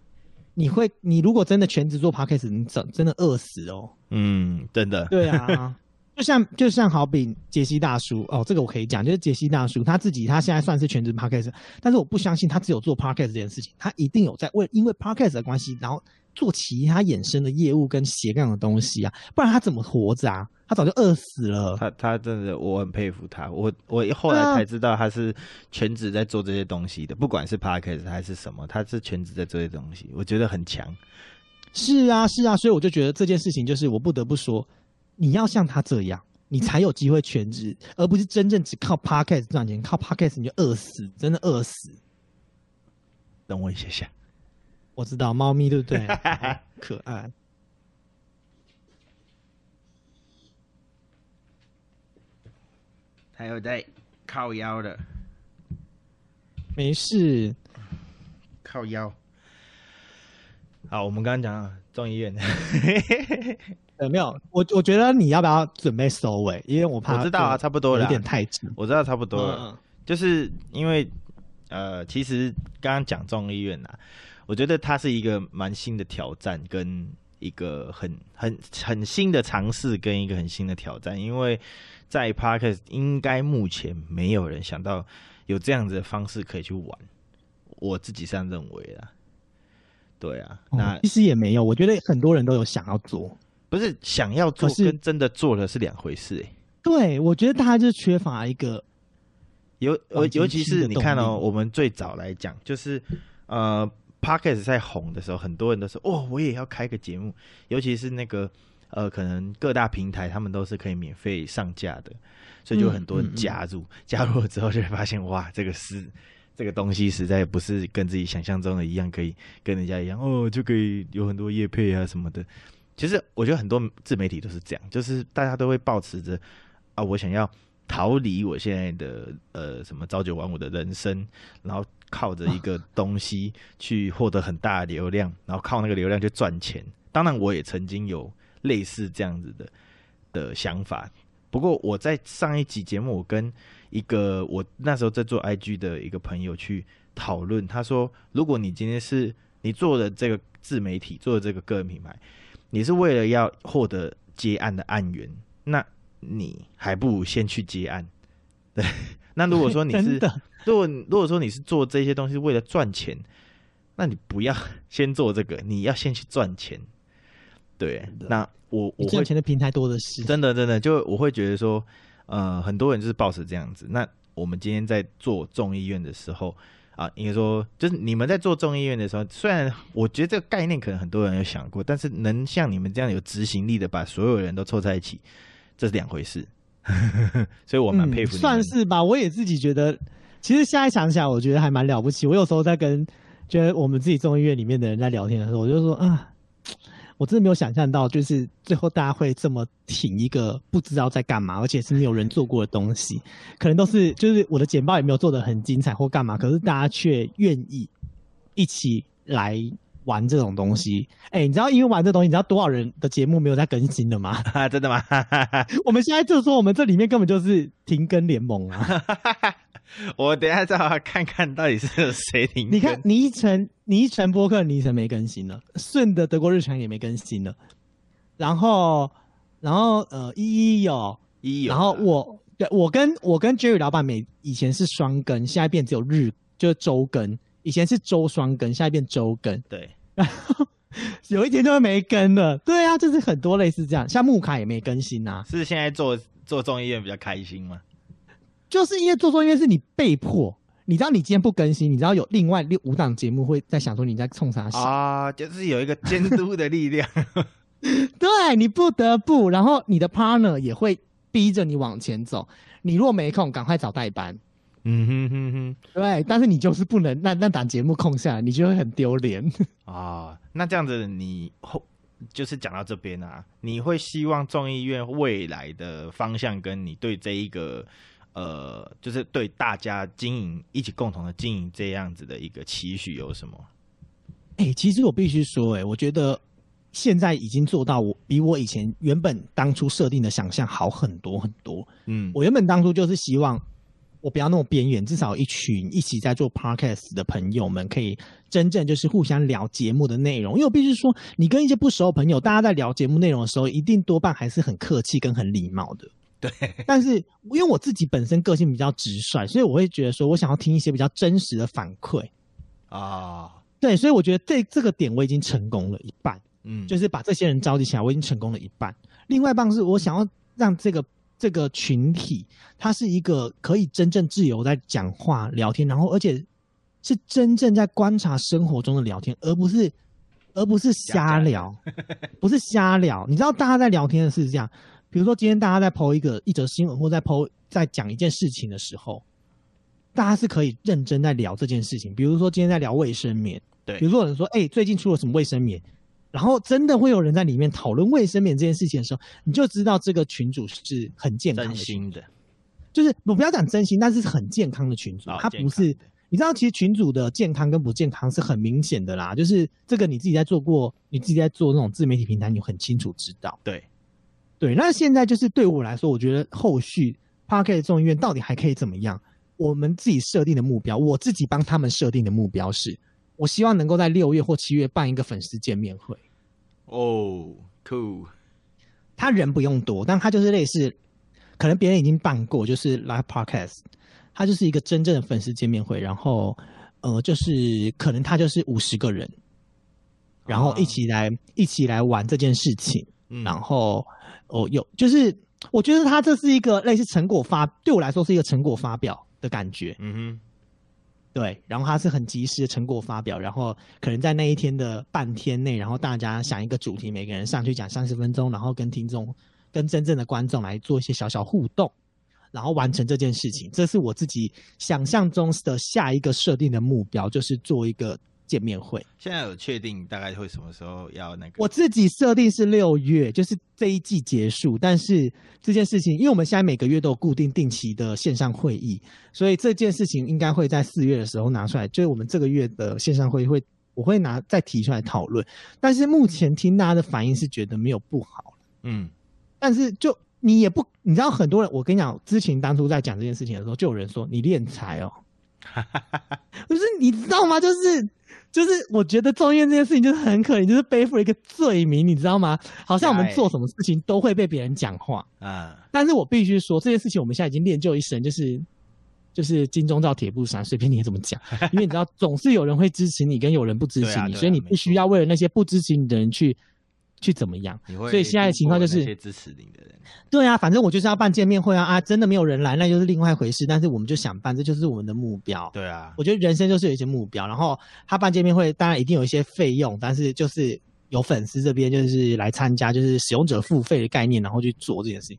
你會，你如果真的全職做 Podcast 你整真的餓死哦。嗯，真的。對啊。 (laughs) 就像就像好比傑西大叔哦，這個我可以講，就是傑西大叔他自己，他現在算是全職 Podcast 但是我不相信他只有做 Podcast 這件事情，他一定有在為因為 Podcast 的關係，然後做其他衍生的業務跟斜槓的東西啊，不然他怎麼活着啊？他早就餓死了。他他真的，我很佩服他。我我後來才知道他是全職在做這些東西的，啊、不管是 Podcast 還是什麼，他是全職在做這些東西，我覺得很強。是啊是啊，所以我就覺得這件事情就是我不得不說。你要像他這樣，你才有機會全職，而不是真正只靠 podcast 賺錢。靠 podcast 你就餓死，真的餓死。等我一下下，我知道貓咪對不對？ (laughs) 可愛，還有在靠腰的，沒事，靠腰。好，我們剛剛講眾議院。 (laughs) 有、欸、沒有，我我覺得你要不要準備收尾？因為我怕我知道啊，差不多了，有點太遲。我知道差不多了，嗯、就是因為呃，其實剛剛講眾議院吶、啊，我覺得它是一個蠻新的挑戰，跟一個很很很新的嘗試，跟一個很新的挑戰，因為在 Park、er、應該目前沒有人想到有這樣子的方式可以去玩，我自己這樣認為啦。對啊，那、嗯、其實也沒有，我覺得很多人都有想要做。不是，想要做跟真的做了是兩回事。哎、欸，對，我覺得大家就是缺乏一個尤尤其是你看哦，我們最早來講就是呃 Podcast 在紅的時候，很多人都說，哦，我也要開個節目。尤其是那個呃，可能各大平台他們都是可以免費上架的，所以就很多人加入。嗯、嗯嗯，加入了之後就會發現哇，這個是這個東西實在不是跟自己想象中的一樣，可以跟人家一樣哦，就可以有很多業配啊什麼的。其實我覺得很多自媒體都是這樣，就是大家都會抱持着啊，我想要逃離我現在的呃什麼朝九晚五的人生，然後靠着一個東西去獲得很大的流量，然後靠那個流量去賺錢。當然，我也曾經有類似這樣子的的想法。不過我在上一集節目，我跟一個我那時候在做 IG 的一個朋友去討論，他說：如果你今天是你做的這個自媒體，做的這個個人品牌。你是為了要獲得接案的案源，那你還不如先去接案。對，那如果說你是，對的，如果如果說你是做這些東西為了賺錢，那你不要先做這個，你要先去賺錢。對，的那我我賺錢的平台多的是，真的真的，就我會覺得說，呃，很多人就是抱持這樣子。那我們今天在做眾議院的時候。啊，應該說，就是你們在做眾議院的時候，雖然我覺得這個概念可能很多人有想過，但是能像你們這樣有執行力的把所有人都湊在一起，這是兩回事。 (laughs) 所以我蠻佩服。嗯，算是吧，我也自己覺得，其實現在想想，我覺得還蠻了不起。我有時候在跟，就我們自己眾議院裡面的人在聊天的時候，我就說啊。我真的沒有想象到，就是最後大家會這麼挺一個不知道在幹嘛，而且是沒有人做過的東西。可能都是就是我的簡報也沒有做得很精彩或幹嘛，可是大家卻願意一起來玩這種東西。哎、嗯欸，你知道因為玩這東西，你知道多少人的節目沒有在更新的嗎？ (laughs) 真的嗎？ (laughs) 我們現在就是說我們這裡面根本就是停更聯盟啊！ (laughs) 我等一下再好好看看到底是誰停。你看，倪成，倪成播客，倪成沒更新了。順的德，德國日常也沒更新了。然後，然後呃，一一有，一，有。然後我，對我跟我跟 Jerry 老闆每以前是雙更，現在變只有日，就是周更。以前是周雙更，現在變周更。對。然後有一天就會沒更了。對啊，就是很多類似這樣，像木卡也沒更新啊。是現在做做眾議院比較開心嗎？就是因為眾議院是你被迫，你知道你今天不更新，你知道有另外六五檔節目會在想說你在衝啥？啊，就是有一個監督的力量， (laughs) (laughs) 對你不得不，然後你的 partner 也會逼着你往前走。你若沒空，趕快找代班。嗯哼哼哼，對，但是你就是不能那那檔節目空下來，你就會很丟臉。 (laughs) 啊，那這樣子你後、哦、就是講到這邊啊，你會希望眾議院未來的方向跟你對這一個。呃，就是對大家經營一起共同的經營這樣子的一個期許有什麼？哎、欸，其實我必須說、欸，哎，我覺得現在已經做到我比我以前原本當初設定的想象好很多很多。嗯，我原本當初就是希望我不要那麼邊緣，至少一群一起在做 podcast 的朋友們可以真正就是互相聊節目的內容。因為我必須說，你跟一些不熟的朋友，大家在聊節目內容的時候，一定多半還是很客氣跟很禮貌的。對，但是因為我自己本身個性比較直率，所以我會覺得說，我想要聽一些比較真實的反饋啊，oh. 對，所以我覺得這這個點我已經成功了一半，嗯，就是把這些人召集起來，我已經成功了一半。另外一半是我想要讓這個、嗯、這個群體，它是一個可以真正自由在講話聊天，然後而且是真正在觀察生活中的聊天，而不是而不是瞎聊， (laughs) 不是瞎聊。你知道大家在聊天的是這樣。比如說，今天大家在 Po 一個一則新聞，或在 Po 在講一件事情的時候，大家是可以認真在聊這件事情。比如說，今天在聊衛生棉，對。比如說，有人說：“哎、欸，最近出了什麼衛生棉？”然後真的會有人在裡面討論衛生棉這件事情的時候，你就知道這個群組是很健康的、真心的。就是我不要講真心，但是很健康的群組，他不是。你知道，其實群組的健康跟不健康是很明顯的啦。就是這個，你自己在做過，你自己在做那種自媒體平台，你很清楚知道。對。對，那現在就是對我來說，我覺得後續 Podcast 眾議院到底還可以怎麼樣？我們自己設定的目標，我自己幫他們設定的目標是，我希望能夠在六月或七月辦一個粉絲見面會。哦，Cool，他人不用多，但他就是類似，可能別人已經辦過，就是 Live Podcast，他就是一個真正的粉絲見面會。然後，呃，就是可能他就是五十個人，然後一起來、啊、一起來玩這件事情，嗯、然後。哦，有，oh, 就是我覺得它這是一個類似成果發，對我來說是一個成果發表的感覺。嗯哼、mm，hmm. 對，然後它是很及時的成果發表，然後可能在那一天的半天內，然後大家想一個主題，每個人上去講三十分鐘，然後跟聽眾、跟真正的觀眾來做一些小小互動，然後完成這件事情。這是我自己想象中的下一個設定的目標，就是做一個。見面會現在有確定大概會什麼時候要那個？我自己設定是六月，就是這一季結束。但是這件事情，因為我們現在每個月都有固定定期的線上會議，所以這件事情應該會在四月的時候拿出來。就是我們這個月的線上會議會，我會拿再提出來討論。嗯、但是目前聽大家的反應是覺得沒有不好。嗯，但是就你也不，你知道很多人，我跟你講，之前當初在講這件事情的時候，就有人說你斂財哦，不 (laughs) 是你知道嗎？就是。就是我覺得中院這件事情就是很可憐，就是背負了一個罪名，你知道嗎？好像我們做什麼事情都會被別人講話啊、欸。但是我必須說，這件事情，我們現在已經練就一身、就是，就是就是金鐘罩鐵布衫，隨便你怎麼講。因為你知道， (laughs) 總是有人會支持你，跟有人不支持你，所以你必須要為了那些不支持你的人去。去怎麼樣？所以現在的情況就是，對啊，反正我就是要辦見面會啊啊！真的沒有人來，那就是另外一回事。但是我們就想辦，這就是我們的目標。對啊，我覺得人生就是有一些目標。然後他辦見面會，當然一定有一些費用，但是就是有粉絲這邊就是來參加，就是使用者付費的概念，然後去做這件事情，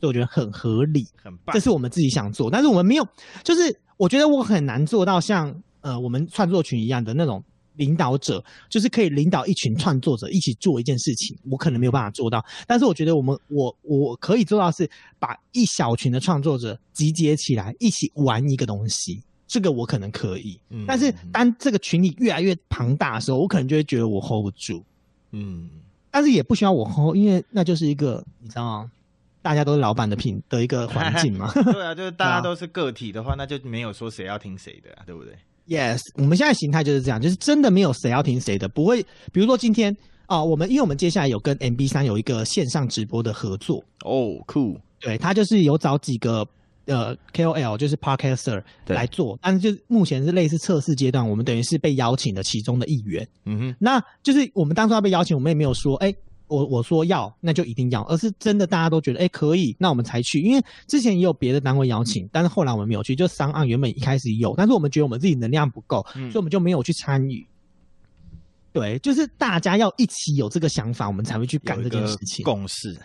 所以我覺得很合理，很棒。這是我們自己想做，但是我們沒有，就是我覺得我很難做到像呃我們創作群一樣的那種。領導者就是可以領導一群創作者一起做一件事情，我可能沒有辦法做到，但是我覺得我們我我可以做到是把一小群的創作者集結起來一起玩一個東西，這個我可能可以。嗯，但是當這個群裡越來越龐大的時候，我可能就會覺得我 hold 不住。嗯，但是也不需要我 hold，因為那就是一個你知道嗎，大家都是老闆的品的一個環境嘛。 (laughs) 對啊，就是大家都是個體的話，那就沒有說誰要聽誰的啊，對不對？Yes，我們現在形態就是這樣，就是真的沒有誰要聽誰的，不會。比如說今天啊、呃，我們因為我們接下來有跟 MB3 有一個線上直播的合作哦、oh，Cool。對，他就是有找幾個呃 KOL，就是 Podcaster 來做，對但是就目前是類似測試階段，我們等於是被邀請的其中的一員。嗯哼、mm，hmm. 那就是我們當初要被邀請，我們也沒有說哎。我我說要，那就一定要，而是真的大家都覺得哎、欸、可以，那我們才去。因為之前也有別的單位邀請，嗯、但是後來我們沒有去。就商案原本一開始有，但是我們覺得我們自己能量不夠，嗯、所以我們就沒有去參與。對，就是大家要一起有這個想法，我們才會去幹這件事情。共識。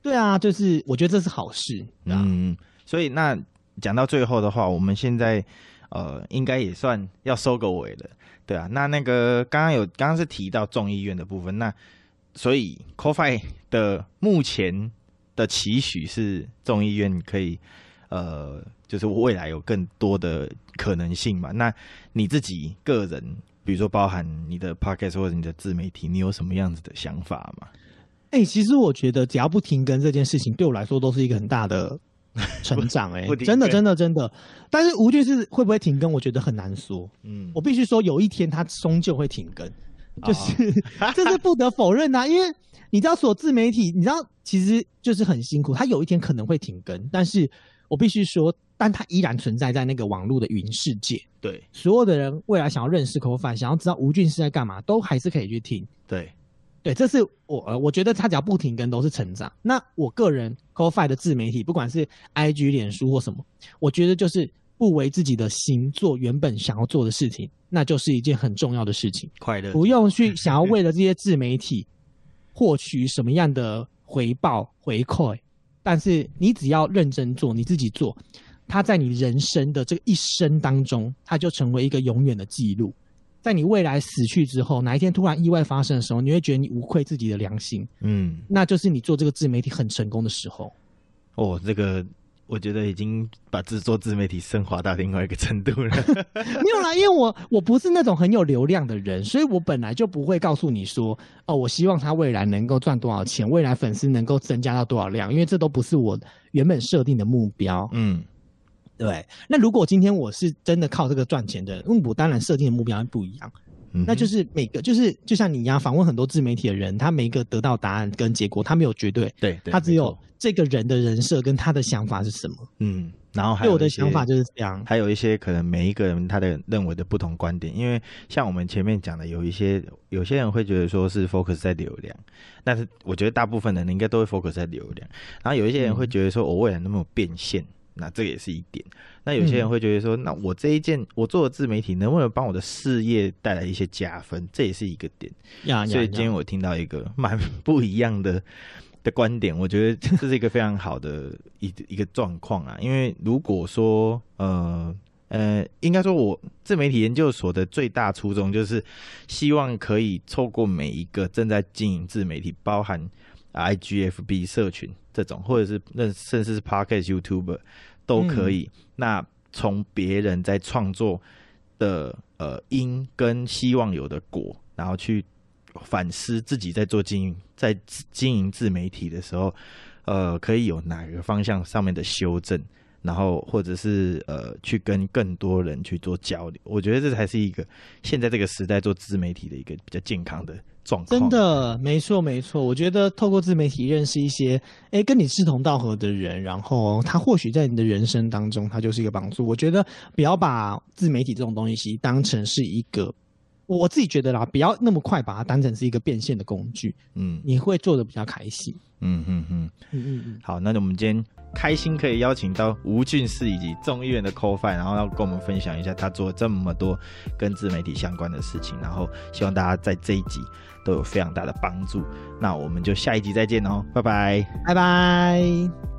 對啊，就是我覺得這是好事。啊、嗯，所以那講到最後的話，我們現在呃應該也算要收個尾了，對啊，那那個剛剛有剛剛是提到眾議院的部分，那。所以，Cot5 的目前的期許是眾議院可以，呃，就是未來有更多的可能性嘛。那你自己個人，比如說包含你的 Podcast 或者你的自媒體，你有什麼樣子的想法嘛？哎、欸，其實我覺得只要不停更這件事情，對我來說都是一個很大的成長、欸。哎， (laughs) 真的，真，的真的，真的對，真的。但是吳律師會不會停更，我覺得很難說。嗯，我必須說，有一天他終究會停更。好好就是，這是不得否認吶、啊， (laughs) 因為你知道做自媒體，你知道其實就是很辛苦，他有一天可能會停更，但是我必須說，但他依然存在在那個網絡的雲世界。對，所有的人未來想要認識 Cot5，想要知道吳俊是在幹嘛，都還是可以去聽。對，對，這是我，我覺得他只要不停更都是成長。那我個人 Cot5 的自媒體，不管是 IG、臉書或什麼，我覺得就是。不為自己的心做原本想要做的事情，那就是一件很重要的事情。快樂樂，不用去想要為了這些自媒體獲取什麼樣的回報 (laughs) 回饋，但是你只要認真做，你自己做，它在你人生的這一生當中，它就成為一個永遠的記錄。在你未來死去之後，哪一天突然意外發生的時候，你會覺得你無愧自己的良心。嗯，那就是你做這個自媒體很成功的時候。哦，這個。我覺得已經把自做自媒體昇華到另外一個程度了，沒 (laughs) 有啦，因為我我不是那種很有流量的人，所以我本來就不會告訴你說，哦，我希望他未來能夠賺多少錢，未來粉絲能夠增加到多少量，因為這都不是我原本設定的目標。嗯，對。那如果今天我是真的靠這個賺錢的，那我當然設定的目標不一樣。嗯，那就是每個就是就像你一樣訪問很多自媒體的人，他每一個得到答案跟結果，他沒有絕對，對，對他只有這個人的人設跟他的想法是什麼。嗯，然後還有我的想法就是這樣，還有一些可能每一個人他的認為的不同觀點，因為像我們前面講的有，有一些有些人會覺得說是 focus 在流量，但是我覺得大部分的人應該都會 focus 在流量，然後有一些人會覺得說我未來能不能變現。嗯那這也是一點。那有些人會覺得說，嗯、那我這一件我做的自媒體，能不能幫我的事業帶來一些加分？這也是一個點。呀所以今天我聽到一個蠻不一樣的的觀點，嗯、我覺得這是一個非常好的一一個狀況啊。 (laughs) 因為如果說，呃呃，應該說，我自媒體研究所的最大初衷就是希望可以透過每一個正在經營自媒體，包含。IGFB 社群這種，或者是那甚至是 Podcast YouTuber 都可以。嗯、那從別人在創作的呃因跟希望有的果，然後去反思自己在做經營在經營自媒體的時候，呃，可以有哪個方向上面的修正。然後，或者是呃，去跟更多人去做交流，我覺得這才是一個現在這個時代做自媒體的一個比較健康的狀況。真的，沒錯沒錯。我覺得透過自媒體認識一些，哎，跟你志同道合的人，然後他或許在你的人生當中，他就是一個幫助。我覺得不要把自媒體這種東西當成是一個。我自己覺得啦，不要那麼快把它當成是一個變現的工具，嗯，你會做的比較開心，嗯，哼哼嗯嗯嗯，嗯嗯嗯。好，那我們今天開心可以邀請到吳俊士以及眾議院的 Co-Founder，然後要跟我們分享一下他做這麼多跟自媒體相關的事情，然後希望大家在這一集都有非常大的幫助。那我們就下一集再見哦，拜拜，拜拜。